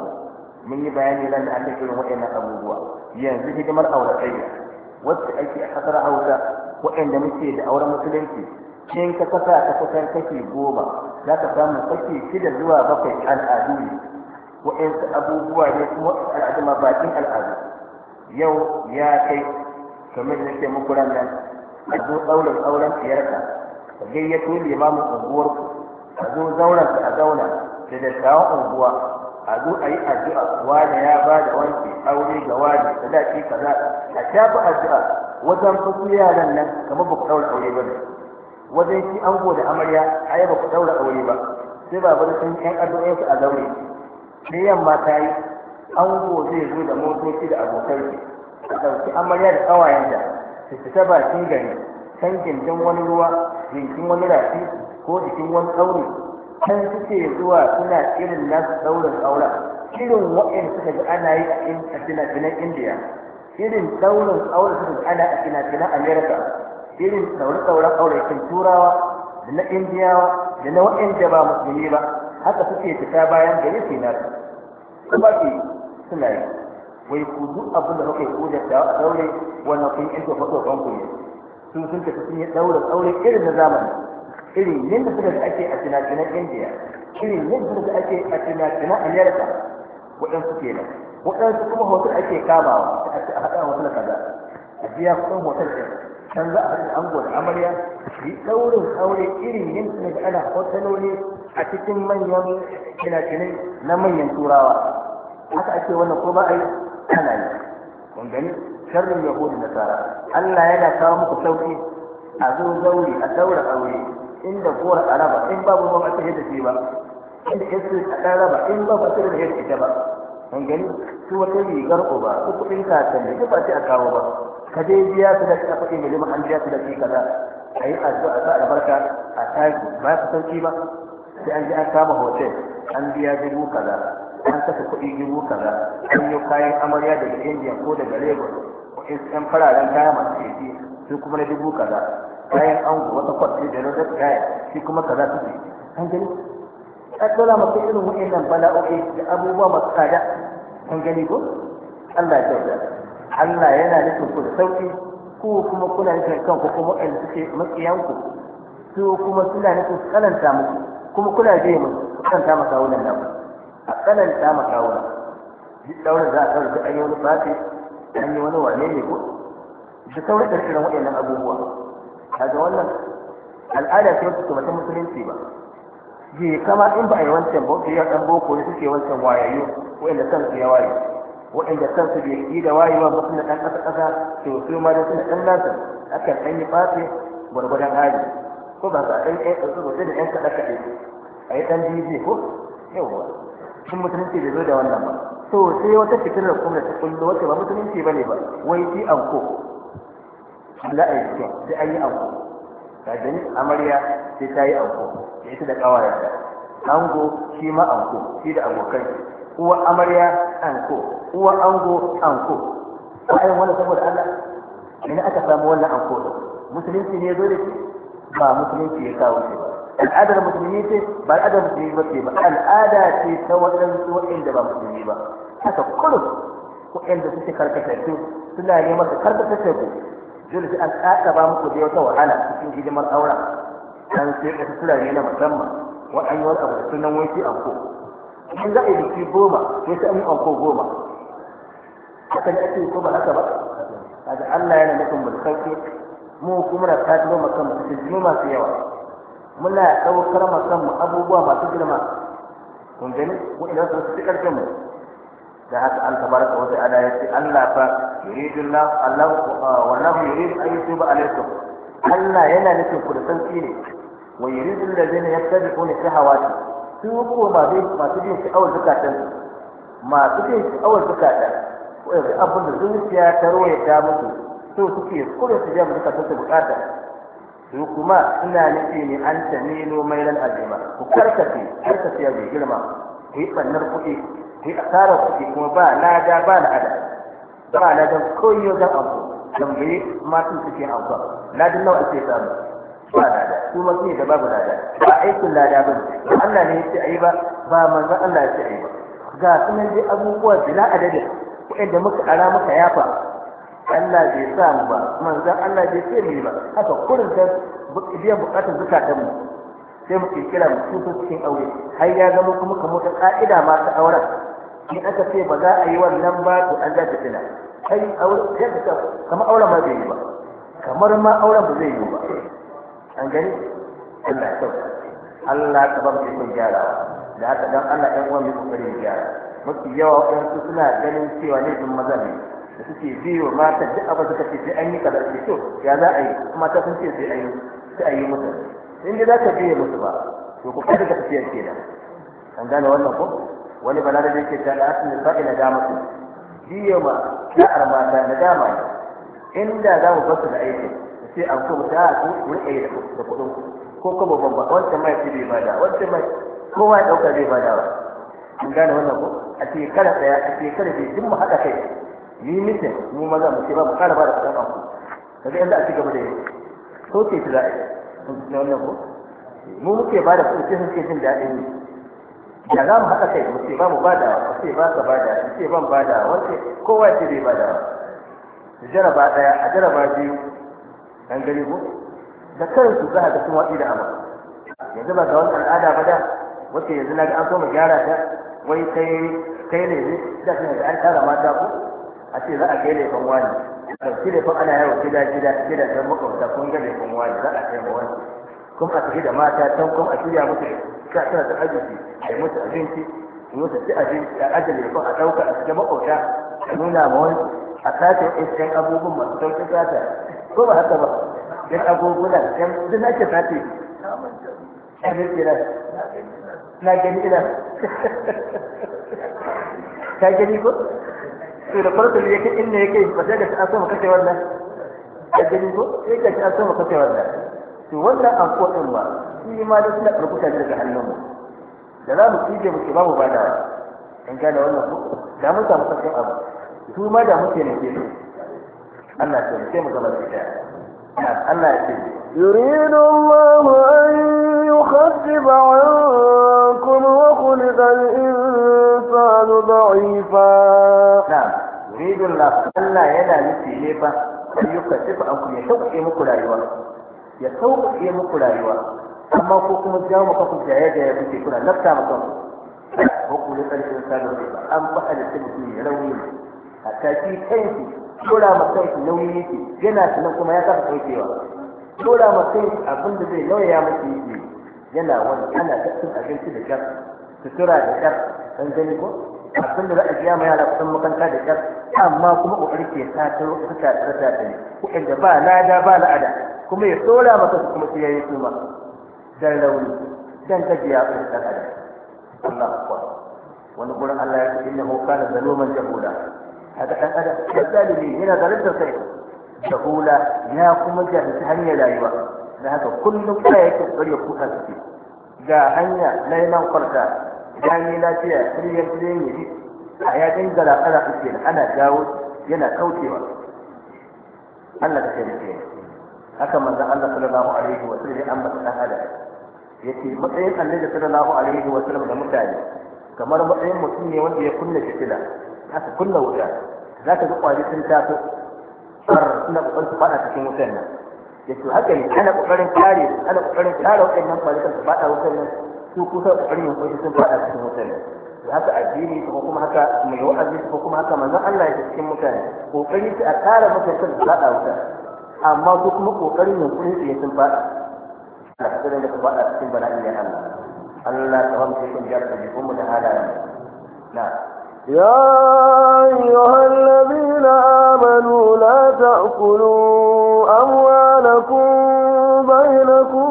mun yi bayani nan da aka irin waɗannan abubuwa yanzu hidimar auratayya wacce ake a kasar hausa waɗanda muke da auren musulunci in ka kasa ta kusan kashi goma za ka samu kashi shida zuwa bakwai al'adu ne waɗansu abubuwa ne kuma al'adu ma bakin al'adu yau ya kai kamar da nake muku ran nan a zo ɗaurin auren ɗiyarka ka gayyato limamin unguwarku a zo zauren a zauna da dattawan unguwa a zo a yi addu'a wani ya ba da wanke aure ga wani da sadaki kaza a shafi addu'a wajen fasu yaran nan kamar ba ku ɗaura aure ba ne wajen shi an da amarya a yi ba ku ɗaura aure ba sai ba bari sun yan addu'o'insu a zaure sai yamma ta yi ango zai zo da motoci da abokan shi Ka ɗauki amarya da ƙawayenta su fita bakin gari can gindin wani ruwa jinkin wani rafi ko jikin wani ɗaure can suke zuwa suna irin nasu ɗaurin ƙaura irin wa'in suka ji ana yi a finafinan indiya irin ɗaurin ƙaura suka ji ana a finafinan amerika irin ɗaure-ɗauren ƙaurakin turawa da na indiyawa da na waɗanda ba musulmi ba haka suke fita bayan gari su yi nasu kuma suna yi wai ku duk abin da muka yi ku da daure wannan kun yi to fato ban ku ne sun sun tafi sun yi daure daure irin na zamani irin yadda suka da ake a fina-finan indiya irin yadda suka ake a fina-finan america waɗansu nan, waɗansu kuma hotel ake kamawa a haɗa wasu da kaza a biya kuɗin hotel ɗin can za a haɗa ango da amarya yi ɗaurin aure irin yadda da ana hoteloli a cikin manyan fina-finai na manyan turawa haka ake wannan ko ba a yi kana yi kun gani sharrin yahudu na tsara Allah yana kawo muku sauki a zo zauri a daura aure inda kowar araba in babu ruwan asiri da shi ba In inda yasu a ɗan raba in babu asiri da yasu ita ba kun gani su wata rigar uba su kuɗin kasan da ba ce a kawo ba ka dai biya su da kafa ɗin miliyan an biya su da shi kaza a yi addu'a sa albarka a tashi ba su sauki ba sai an ji an kama hotel an biya dubu kaza an saka kuɗi dubu kaza an yi kayan amarya daga indiya ko daga lagos yan fararen kaya masu keke su kuma na dubu kaza kayan ango wata kwatsi da rodar kaya shi kuma kaza su ce an gani an ɗora masu irin wa'innan bala'o'i da abubuwa masu tsada an gani ko allah ya kyauta allah yana nufin ku da sauƙi ku kuma kuna nufin kanku kuma wa'inda suke maƙiyanku su kuma suna nufin tsananta muku kuma kuna je mu tsananta masa wannan naku a tsananta ma kawuna duk daurin za a kawar da an yi wani fafe an yi wani wane ne ko da sauran ƙirƙirar waɗannan abubuwa kaga wannan al'ada ce wacce ta musulunci ba je kama in ba a yi wancan ba ya ɗan boko ne suke wancan wayayyu waɗanda kansu ya waye waɗanda kansu bai yi da wayewa ba suna ɗan ƙasa ƙasa to su ma da suna ɗan nasa, akan ɗan yi fafe gwargwadon hali ko ba su a ɗan ɗan ɗan da ɗan kaɗe kaɗe a yi ɗan kun musulunci da zo da wannan ba so sai wata fitilar kuma ta kullo wata ba musulunci ba ne ba wai shi anko Allah ya yi sai an yi anko kajin amarya sai ta yi anko da ita da kawayenta ango shi ma anko shi da abokai uwa amarya anko uwa ango anko ko ayin wannan saboda Allah ina aka samu wannan anko musulunci ne ya zo da shi ba musulunci ya kawo shi ba al'adar musulmi ce ba al'adar musulmi ba ce ba al'ada ce ta waɗansu waɗanda ba musulmi ba haka kullum waɗanda suke karkatattu suna yi masa ce ku dole sai an ba muku da wata wahala cikin hidimar auren dan sai tura ne na musamman wa'an yi wani abu da sunan wanki anko in za a yi biki goma sai an yi anko goma haka ne ake ko ba haka ba kaga Allah yana nufin mu mu kuma na tashi mu kan mu cikin masu yawa muna ɗaukar kanmu abubuwa masu girma kun gani waɗanda su fi ƙarfinmu da haka an tabar tabaraka wata ala yace ce Allah fa yuridu Allah wa ah, wallahu yuridu an yutuba alaikum Allah yana nufin ku da sauki ne wa yuridu allazina yattabi'una shahawati su ko ba dai ba su bin sha'awar zakatan ma masu bin sha'awar zakatan ko abin da zuciya ta roye ta musu so suke kure su je mu zakatan su bukata ko kuma ina nufi ne an tamilu mailan azima ku karkace karkace bai girma ku yi bannar kuɗi ku yi asarar kuɗi kuma ba lada ba na ada ba lada koyi wajen abu tambaye matan suke abu lada nawa ake samu ba lada su masu ne da babu lada ba aikin lada ba ba Allah ne ya ce ayi ba ba manzon Allah ya ce ayi ba ga sunan dai abubuwa bila adadin waɗanda muka ara muka yafa Allah bai sa mu ba manzon Allah bai ce mu ba haka kurin da biyan bukatar zukatan mu sai mu kirkira mu su cikin aure har ya zama kuma kamar ta ka'ida ma ta auren in aka ce ba za a yi wannan ba to an za tana. kai aure ya ta kamar auren ma bai yi ba kamar ma auren ba zai yi ba an gani Allah ya Allah ka ba mu ikon da haka dan Allah ɗan uwan mu kokari gyara mafi yawa su suna ganin cewa laifin maza ne da suke biyo mata duk abin suka ce sai an yi kaza ce to ya za a yi mata sun ce sai an yi sai an yi musu in dai za ka biye musu ba to ku kada ka tafiya kenan an gane wannan ko wani balada da yake tada asin da ba da su biye ma da'ar mata na dama inda za mu basu da aiki sai an so ta ku mun ayi da kuɗin ko kuma babban wancan mai fi bai bada wancan mai kowa ya dauka bai bada ba an gane wannan ko a shekara ɗaya, a shekara biyu duk mu haɗa kai yi mitin mu maza mu ce ba mu kara ba da kuɗin anko zai yadda a ci gaba da yi so ce ta za'a yi sun wannan ko mu muke ba da kuɗi sun ce jin daɗin ne da za mu haɗa kai mu ce ba mu ba da mu ce ba ka ba da mu ce ban ba da wace kowa ce zai ba da jaraba ɗaya a jaraba biyu Ɗan gari ko da kansu za a ga sun watsi da amma yanzu ba ga wani al'ada ba da wace yanzu na ga an so mu gyara ta wai kai kai ne da kan da an tara mata ko a ce za a kai laifin wani a ɗauki laifin ana yawo gida gida gida don makwabta kun gane laifin wani za a kai ma wani kuma a tafi da mata can kuma a shirya musu ka tana ta arziki a yi musu abinci a musu ci abinci a ajiye laifin a ɗauka a cikin makwabta a nuna ma wani a sace iskan abubuwan masu sauƙin sata ko ba haka ba yan agoguna yan duk ake sace gani ina na gani ina ta gani ko في القرة اللي يك إن يك بس يك أسمه كتير ولا الجنود يك أسمه كتير ولا ولا أقوى إما في ما لسنا ربوش على ذلك حلمه لا نكيد مكتبه بعدا إن كان ولا فوق دام أنت مكتب أبو شو ما دام مكتب نكيد أنا أقول كم مكتب كتير أنا أقول
يريد الله أن يخفف عنكم وخلق الإنسان
ضعيفا نعم yuridun Allah yana nufi ne ba sai yuka tifa an ku ya sauƙaƙe muku rayuwa ya sauƙe muku rayuwa amma ko kuma jawo maka ku jaya jaya kuke kuna lafta maka ku ko ku ne ƙarfin sabon ba an faɗa da mutum ya rauni ne a tafi kanki tura ma kanki nauyi yake yana sanan kuma ya kafa ɗaukewa tura ma kanki abin da zai nauyaya miki yake yana wani ana cin abinci da kyar sutura da kyar ɗan gani ko abin da za a biya ma yara kusan makaranta da kyar amma kuma ƙoƙari ke satar wasu tatar tatar waɗanda ba lada ba la'ada kuma ya tsora maka su kuma sai ya ma. dan rauni dan gajiya ko dan adam Allah akbar wani gurin Allah ya ce innahu kana zaluman jahula haka dan adam zalimi yana zalunta sai jahula ya kuma jahilci hanyar rayuwa da haka kullum kai yake ƙoƙari ya kuka suke. ga hanya na nan kwarta gani lafiya kullum kullum ya ji a ya dinga da suke da ana jawo yana kaucewa Allah ka shari'a ke haka manzan Allah sallallahu alaihi wa sallam an bata hada. adam yace matsayin Annabi sallallahu alaihi wa sallam da mutane kamar matsayin mutum ne wanda ya kunna fitila aka kunna wuta ka ga ƙwari sun taso har suna kokarin su fada cikin wutan nan ce haka ne ana kokarin kare ana kokarin kare waɗannan kwari su fada wutan nan su kusa ƙoƙarin yin kwashi sun faɗa cikin mutane da haka addini ko kuma haka mai wa'azi ko kuma haka manzon Allah ya cikin mutane ƙoƙari su a ƙara mutane da faɗa wuta amma su kuma ƙoƙarin yin kwashi sun faɗa da kusurin da ka faɗa cikin bala'i ya Allah Allah ta hamsu kun jar da jikin mu da halayen na
يا أيها الذين آمنوا لا تأكلوا أموالكم بينكم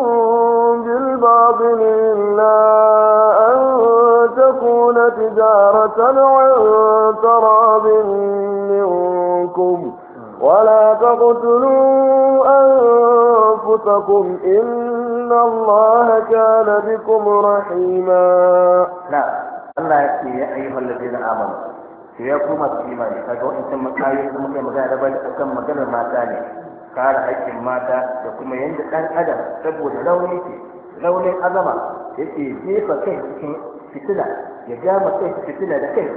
بالباطل أن تكون تجارة عن تراب منكم ولا تقتلوا أنفسكم إن الله
كان بكم رحيما نعم الله يا أيها الذين آمنوا sai ya koma su imani kaga wa'ancan makayi da muka magana da bai akan maganar mata ne kare haƙƙin mata da kuma yanda ɗan adam saboda rauni raunin azama yake jefa kai cikin fitila ya gama kai fitila da kai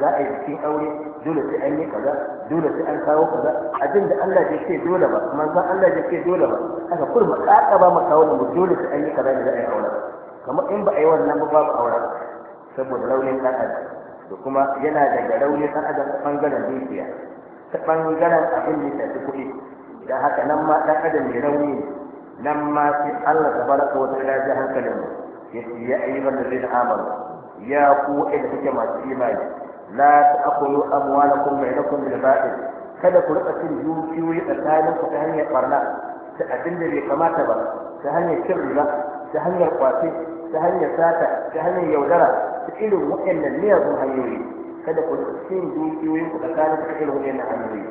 za a yi cikin aure dole sai an yi kaza dole sai an kawo kaza abin da Allah ya ce dole ba kuma san Allah ya ce dole ba aka kurma kaka ba mu kawo mu dole sai an yi kaza da za a yi aure kamar in ba a yi wannan ba babu aure saboda raunin dan adam da kuma yana daga raunin dan adam bangaren dukiya ta bangaren abin da ya tafi kuɗi dan haka nan ma dan adam mai rauni لما في الله تبارك وتعالى جهل كلمه يا ايها الذين امنوا يا قوة الحكمة الإيمان لا تأكلوا أموالكم بينكم بالباطل kada ku rika cin dukiyoyi tsakanin ku ta hanyar barna ta abin da bai kamata ba ta hanyar cin riba ta hanyar kwace ta hanyar sata ta hanyar yaudara ta irin waɗannan miyagun hanyoyi kada ku rika cin dukiyoyin ku tsakanin ku ta irin waɗannan hanyoyi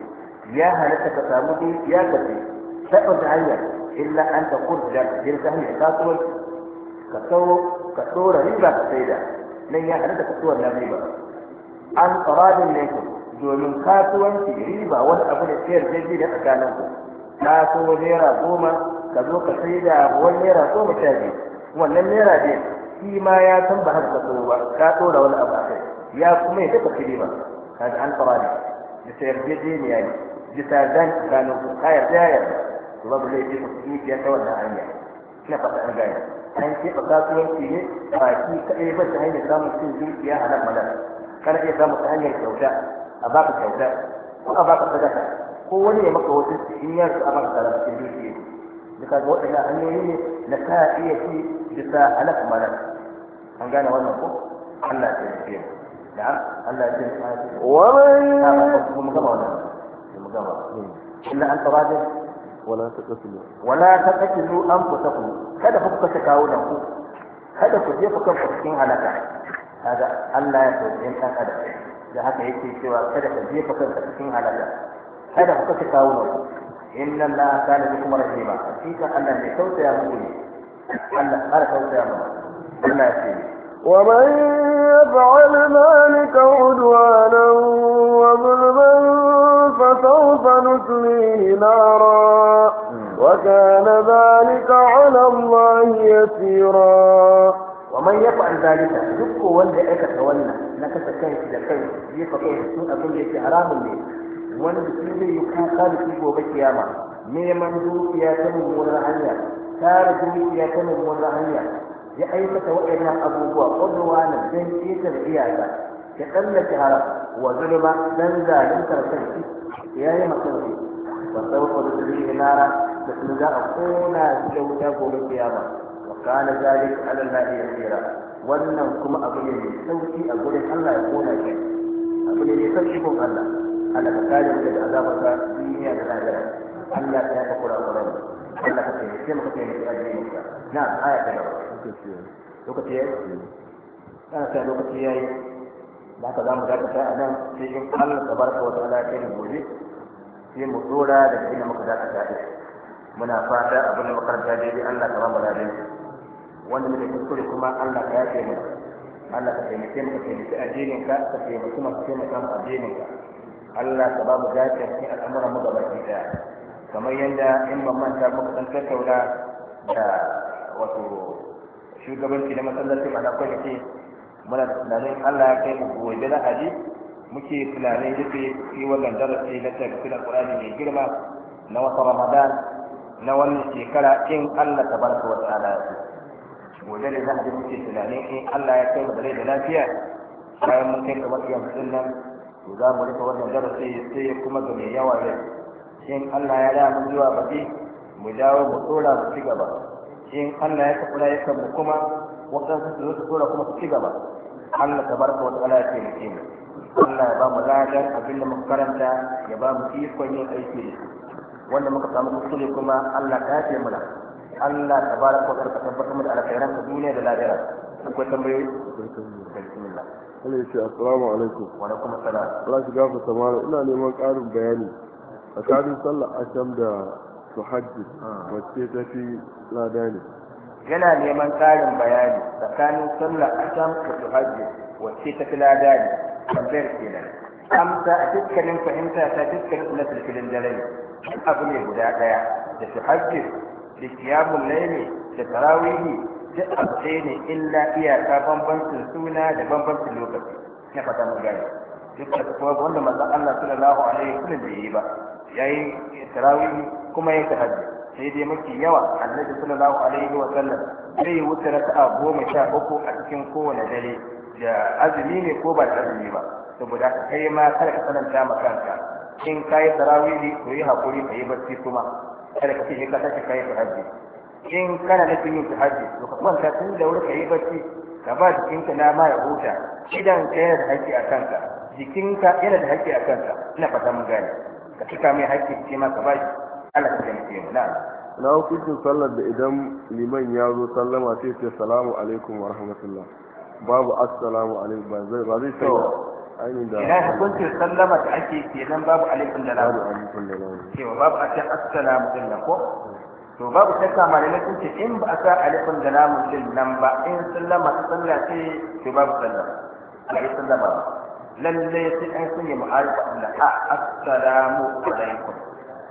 ya halatta ka samu dukiya ka ce ta hanyar إلا أن تقول جل جل تهني كثو كثو ريبا سيدا لن يعرف كثو النبيبا أن أراد منكم جل كثو ريبا والأبو الكير جل جل أكانه كثو ريرا دوما كثو سيدا أبو ريرا دوما شادي ولن ريرا دين فيما يتم بهذا كثو كثو ولا الأبو الكير يا كمية تكريما هذا أن أراد يسير جل جل يعني جتازان كانوا خير جاير to babu laifi yi dukiya ta wannan hanya ina fata an gane an ce ba kasuwanci ne baki kaɗai ba ta hanyar samun cin dukiya a nan malar kana iya samun ta hanyar kyauta a baka kyauta ko a baka sadaka ko wani ya maka wasu in ya su a baka sadaka cikin dukiya duka ga waɗannan hanyoyi ne na ka iya ci bisa halak malar an gane wannan ko Allah ya taimake mu Allah ya taimake wa man mu gama wannan mu gama illa an tarabi wala taqtulu wala taqtulu anfusakum kada ku kashe kawo da ku kada ku jefa kanku cikin halaka kaga Allah ya tsoje dan adam da haka yake cewa kada ka jefa kanka cikin halaka kada ku kashe kawo da ku inna Allah kana bikum rahima hakika Allah ne tausaya muku ne Allah kara tausaya muku Allah ya ce
ومن يفعل ذلك عدوانا وظلما فسوف نسليه نارا وكان ذلك على الله
يسيرا ومن يفعل ذلك دكو wanda ya aikata wannan na kasa kai da kai zai fa sun abin da yake haramun ne wani mutum yi kuka da shi gobe kiyama neman dukiya ta mummunar hanya tara dukiya ta mummunar hanya ya aikata waɗannan abubuwa ƙwarewa dan ƙetare iyaka ya tsallake haram wa zulma dan zaluntar kanki ya yi makanki wa sauka da zulmi nara da kuma za a kona shi da wuta gobe kiyama wa kana zalika ala allahi yasira wannan kuma abu ne mai sauki a gurin Allah ya kona shi abu ne mai sauki kun Allah Allah ka kare mu daga azabarsa duniya da lahira Allah ya ka kura kura mu Allah ka taimake mu ka taimake addinin ka na aya ta gaba lokaci yayi lokaci yayi ana sa lokaci ya yi. da haka za mu dakata a nan Allah ta barka wata kai gobe sai mu dora da inda muka dakata da muna fata abin da makaranta Allah ta bamu ladan wanda muke kuskure kuma Allah ka yafe mu Allah ka taimake mu ka taimake addinin ka ka taimake mu ka taimake mu addinin ka Allah cikin al'amuran mu gabaki daya kamar yadda in ban manta muka san tattauna da wato shugabanci na masallacin ana kwalifi muna tunanin Allah ya kai mu gobe na aji muke tunanin rufe shi wannan darasi na tafsirin Qur'ani mai girma na wata Ramadan na wannan shekara in Allah tabaraka wa ta'ala ya so gobe ne za muke tunanin in Allah ya kai mu da da lafiya bayan mun kai kamar yanzu nan to za mu rufe wannan darasi sai ya kuma ga mai yawa ne in Allah ya da mun zuwa baki mu dawo mu tsora mu ci gaba in Allah ya tafi rayukan mu kuma waɗansu su zo su tura kuma su ci gaba Allah ta barka wata ala ya taimake mu Allah ya ba mu ladan abin da muka karanta ya ba mu ikon yin aiki da shi wanda muka samu kuskure kuma Allah ta mu na, Allah ta barka wata ka tabbatar mu da alkhairan ka duniya da lahira akwai tambayoyi bismillah
Allah ya ce assalamu alaikum
wa alaikum assalam Allah shi
gafa samara ina neman ƙarin bayani tsakanin sallar asham da su hajji ah. wacce ta fi lada ne
yana neman ƙarin bayani tsakanin sallar asam da tuhajjud wacce ta fi ladani tambayar kenan amsa a dukkanin fahimta ta dukkanin na filfilin dare abu ne guda ɗaya da tuhajjud da kiyamun laili da tarawihi duk abu ɗaya ne illa iyaka bambancin suna da bambancin lokaci na fata mun gani duk da kuma wanda manzon Allah sallallahu alaihi wasallam bai yi ba yayi tarawihi kuma yayi tahajjud sai dai mafi yawa annabi sallallahu alaihi wa sallam zai yi wuce raka'a goma sha uku a cikin kowane dare da azumi ne ko ba da azumi ba saboda haka kai ma kada ka tsananta ma kanka in kayi tarawihi to yi hakuri ka yi barci kuma kada ka ce ka tashi kayi tahajjud in kana nufin yin tahajjud to ka kwanta tun da wuri ka yi barci ka ba jikinka na ma ya huta idan ka yana da haƙƙi a kanka jikinka yana da haƙƙi a kanka ina fata mun gane ka cika mai haƙƙi ce ma ka ba shi Allah ya taimake mu
na hukuncin sallar da idan liman ya zo sallama sai ce salamu alaikum wa rahmatullah babu assalamu alaikum ba zai ba zai sai
ainihin da ina hukuncin sallama da ake kenan babu alaikum da lamu alaikum da lamu cewa babu a can assalamu din nan ko to babu shakka malamai sun ce in ba a sa alaikum da lamu din nan ba in sallama ta sallah ce to babu sallama alai sallama ba lalle sai an sanya mu'arifa Allah assalamu alaikum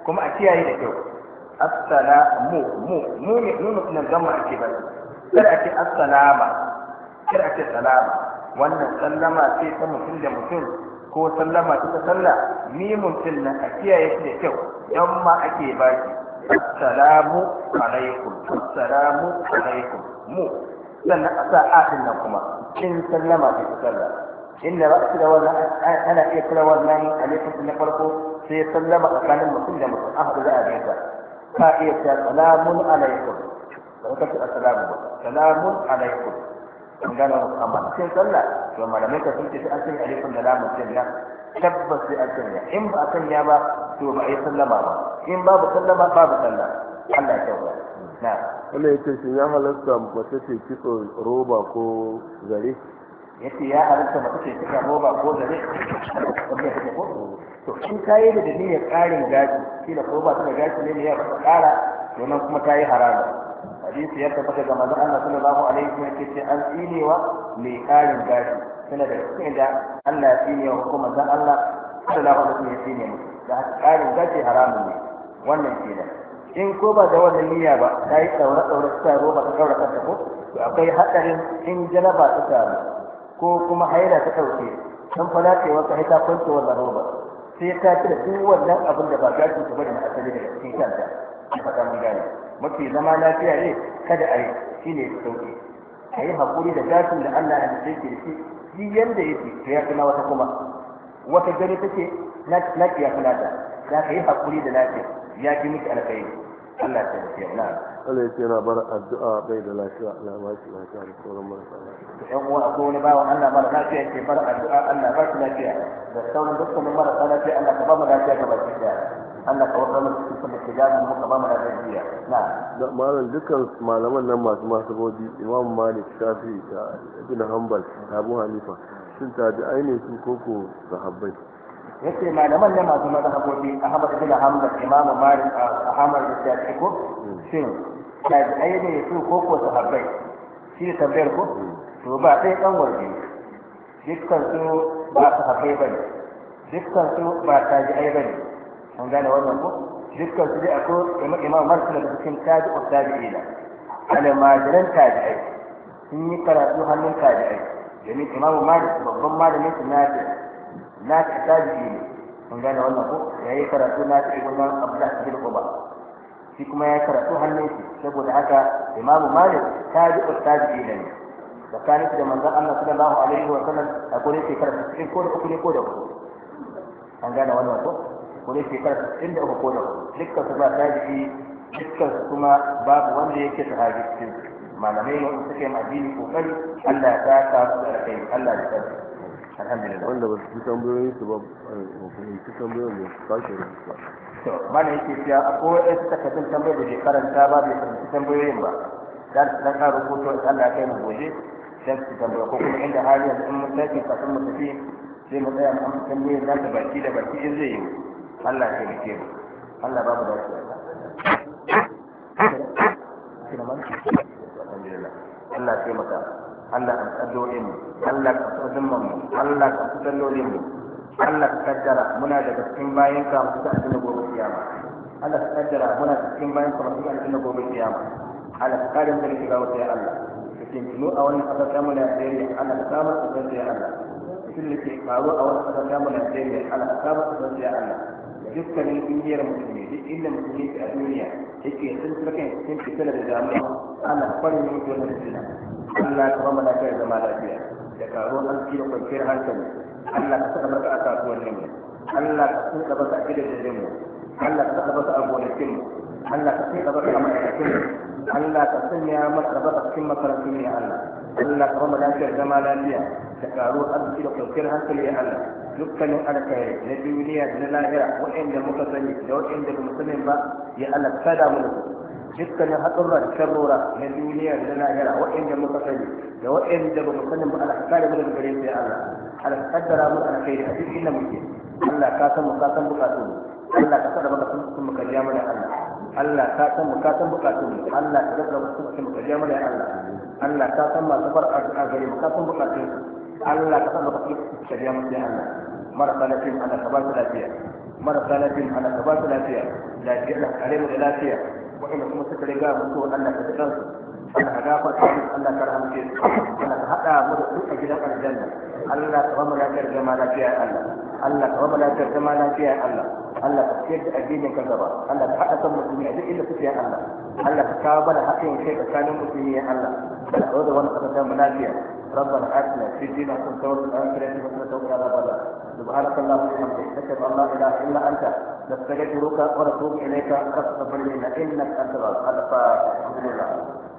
kuma a kiyaye da kyau assalamu mu mu ne nuna kuma gama ake ba kar a ce assalama kar a ce salama wannan sallama ce ta mutum da mutum ko sallama ta salla. mimun din nan a kiyaye shi da kyau don ma ake ba shi assalamu alaikum assalamu alaikum mu sannan a sa a nan kuma in sallama ta sallah inda ra'su da wannan ana iya kira wannan alaikum na farko sai ya sallama tsakanin mutum da mutum an haɗu za a gaisa ka iya cewa salamun alaikum da wata ce assalamu salamun alaikum an gane wasu amma cikin sallah to malamai ka sun ce an sanya alaikum da lamun sai nan tabbas sai an sanya in ba a sanya ba to ba a yi sallama ba in babu sallama babu sallah Allah ya kyauta na
ya ce shi ya halatta mace ce kitso roba ko zare
yace ya halatta mace ce suka roba ko da ne wanda take ko to in ka yi da niyyar ƙarin gashi shi da roba ta da gashi ne ne ya ƙara to nan kuma ta yi harama hadisi ya tabbata ga manzon Allah sallallahu alaihi wa sallam ce an tsinewa mai ƙarin gashi tana da cikin da Allah ya tsinewa kuma manzon Allah sallallahu alaihi wa sallam ya tsine da haka gashi haramun ne wannan kenan in ko ba da wannan niyya ba ta yi tsaure-tsaure ta roba ta ɗaura kanta ko to akwai haɗarin in jalaba ta samu ko kuma haila ta ɗauke dan fara ce wata haita kwance wannan roba sai ta cire duk wannan abin da ba gashin ta bane na asali daga cikin kanta ki faɗa mun gane mafi zama lafiya ne kada a yi shi shine sauƙi. a yi haƙuri da gashin da Allah ya halitta ke shi shi yanda yake ta ya kuma wata kuma wata gari ta ce take lafiya kula da za ka yi haƙuri da lafiya ya ji miki alƙairi Allah ta yi na
Allah ya ce yana bar addu'a bai da lafiya Allah ba shi lafiya da sauran marasa lafiya.
Yan uwa akwai wani bawan Allah mara lafiya ke bar addu'a Allah ba shi lafiya da sauran dukkanin marasa lafiya Allah ka ba mu lafiya ga baki daya. Allah ka wata mana cikin da ke damu mu ka ba mu lafiya Na.
Malam dukkan malaman nan masu masabobi Imam Malik Shafi da Ibn Hanbal Abu Hanifa sun tabi ainihin su koko sahabbai.
yace malaman ne masu mazhabobi Ahmad bin Hanbal Imam Malik ah, Ahmad da Shafi'i ko shin tabi'ai ne su ko ko sahabbai shi ne tambayar ko hmm. to ba sai dan warbi dukkan su ba sahabbai bane dukkan su ba ai bane An gane wannan ko dukkan su dai akwai Imam Malik da cikin tabi'u tabi'ina almajiran tabi'ai sun yi karatu hannun tabi'ai domin Imam Malik babban malamin su na na ta tabi'i ne kun gane wannan ko ya yi karatu na ta ibn abdullah bin quba shi kuma ya karatu hannun shi saboda haka Imam malik ustaz ji ne tsakanin da manzon Allah sallallahu alaihi wa sallam akwai shi karatu 60 ko da uku ne ko da ku, an gane wannan ko ko ne shekara 60 da uku ko da ku, dukkan su ba tabi'i dukkan su kuma babu wanda yake hajji cikin malamai ne suke ko kokari Allah ya ka su da kai Allah ya tsare alhamdulillah wanda ba
su tambayoyin su ba su tambayoyin da su tashi da su
to mana yake cewa akwai wasu takardun tambayar da ke karanta ba bai karanta tambayoyin ba za su dan karo ko to Allah ya kai mu gobe sai su tambaya ko kuma inda hali yanzu in mun tafi kafin mu tafi sai mu tsaya mu amsa tambayoyin za ta baki da baki in zai yi Allah ya taimake mu Allah babu da shi Allah ya taimaka Allah ka tsaddoɗin mu Allah ka tsaddoɗin mu Allah ka tsaddoɗin mu Allah ka kaddara muna daga cikin bayan ka mu ta cikin gobe kiyama Allah ka kaddara muna daga cikin bayan ka mu ta cikin gobe kiyama Allah ka karin da daga shiga wata ya Allah cikin mu a wannan mu da Najeriya Allah ka samu da tsanta ya Allah cikin da ke faru a wannan mu da Najeriya Allah ka samu da tsanta ya Allah dukkanin ƙungiyar musulmi duk inda musulmi ke a duniya yake sun sukan cikin fitar da damuwa ana farin mutuwar musulmi Allah ta ba mu kai zama lafiya da karuwan arziki da kwanciyar hankali Allah ka saka maka aka a ne mu Allah ka saka maka gidan gidajen mu Allah ka saka maka a gonakin mu Allah ka saka maka a ma'aikatan mu Allah ka sanya maka baka cikin makarantun ya Allah Allah ka ba mu kai zama lafiya da karuwan arziki da kwanciyar hankali ya Allah dukkanin alkhairi na duniya da na lahira waɗanda muka sani da waɗanda ba mu sani ba ya Allah kada mu da su dukkanin haɗurran sharrora na duniya da lahira waɗanda muka sani da waɗanda ba mu sani ba ala kare mu daga gare sai Allah ala kaddara mu ala kai a duk inda muke Allah ka san mu ka san bukatun Allah ka san maka sun sun muka jiya mana Allah Allah ka san mu ka san bukatun Allah ka san maka sun sun muka jiya mana Allah Allah ka san masu far a gare mu ka san bukatun Allah ka san maka sun muka jiya mana Allah marasa lafiya Allah ka ba su lafiya marasa lafiya Allah ka ba su lafiya lafiya Allah kare mu lafiya wa'inda kuma suka riga mutuwa Allah ta fitar su Allah ka gafarta su Allah ka rahmace su Allah ka haɗa mu da duk a gidan aljanna Allah ka ba lafiyar jama'a lafiya ya Allah Allah ka ba lafiyar jama'a lafiya ya Allah Allah ka ciyar da addinin ka gaba Allah ka haɗa kan musulmi ya duk inda suke ya Allah Allah ka kawo mana haƙƙin kai tsakanin musulmi ya Allah Allah ka zo da wani ta mu lafiya ربنا آتنا في الدين حسنة وفي الآخرة حسنة وقنا عذاب النار سبحانك اللهم وبحمدك نشهد أن لا إله إلا أنت نستغفرك ونتوب إليك رب العالمين إنك أنت الغفور الحمد لله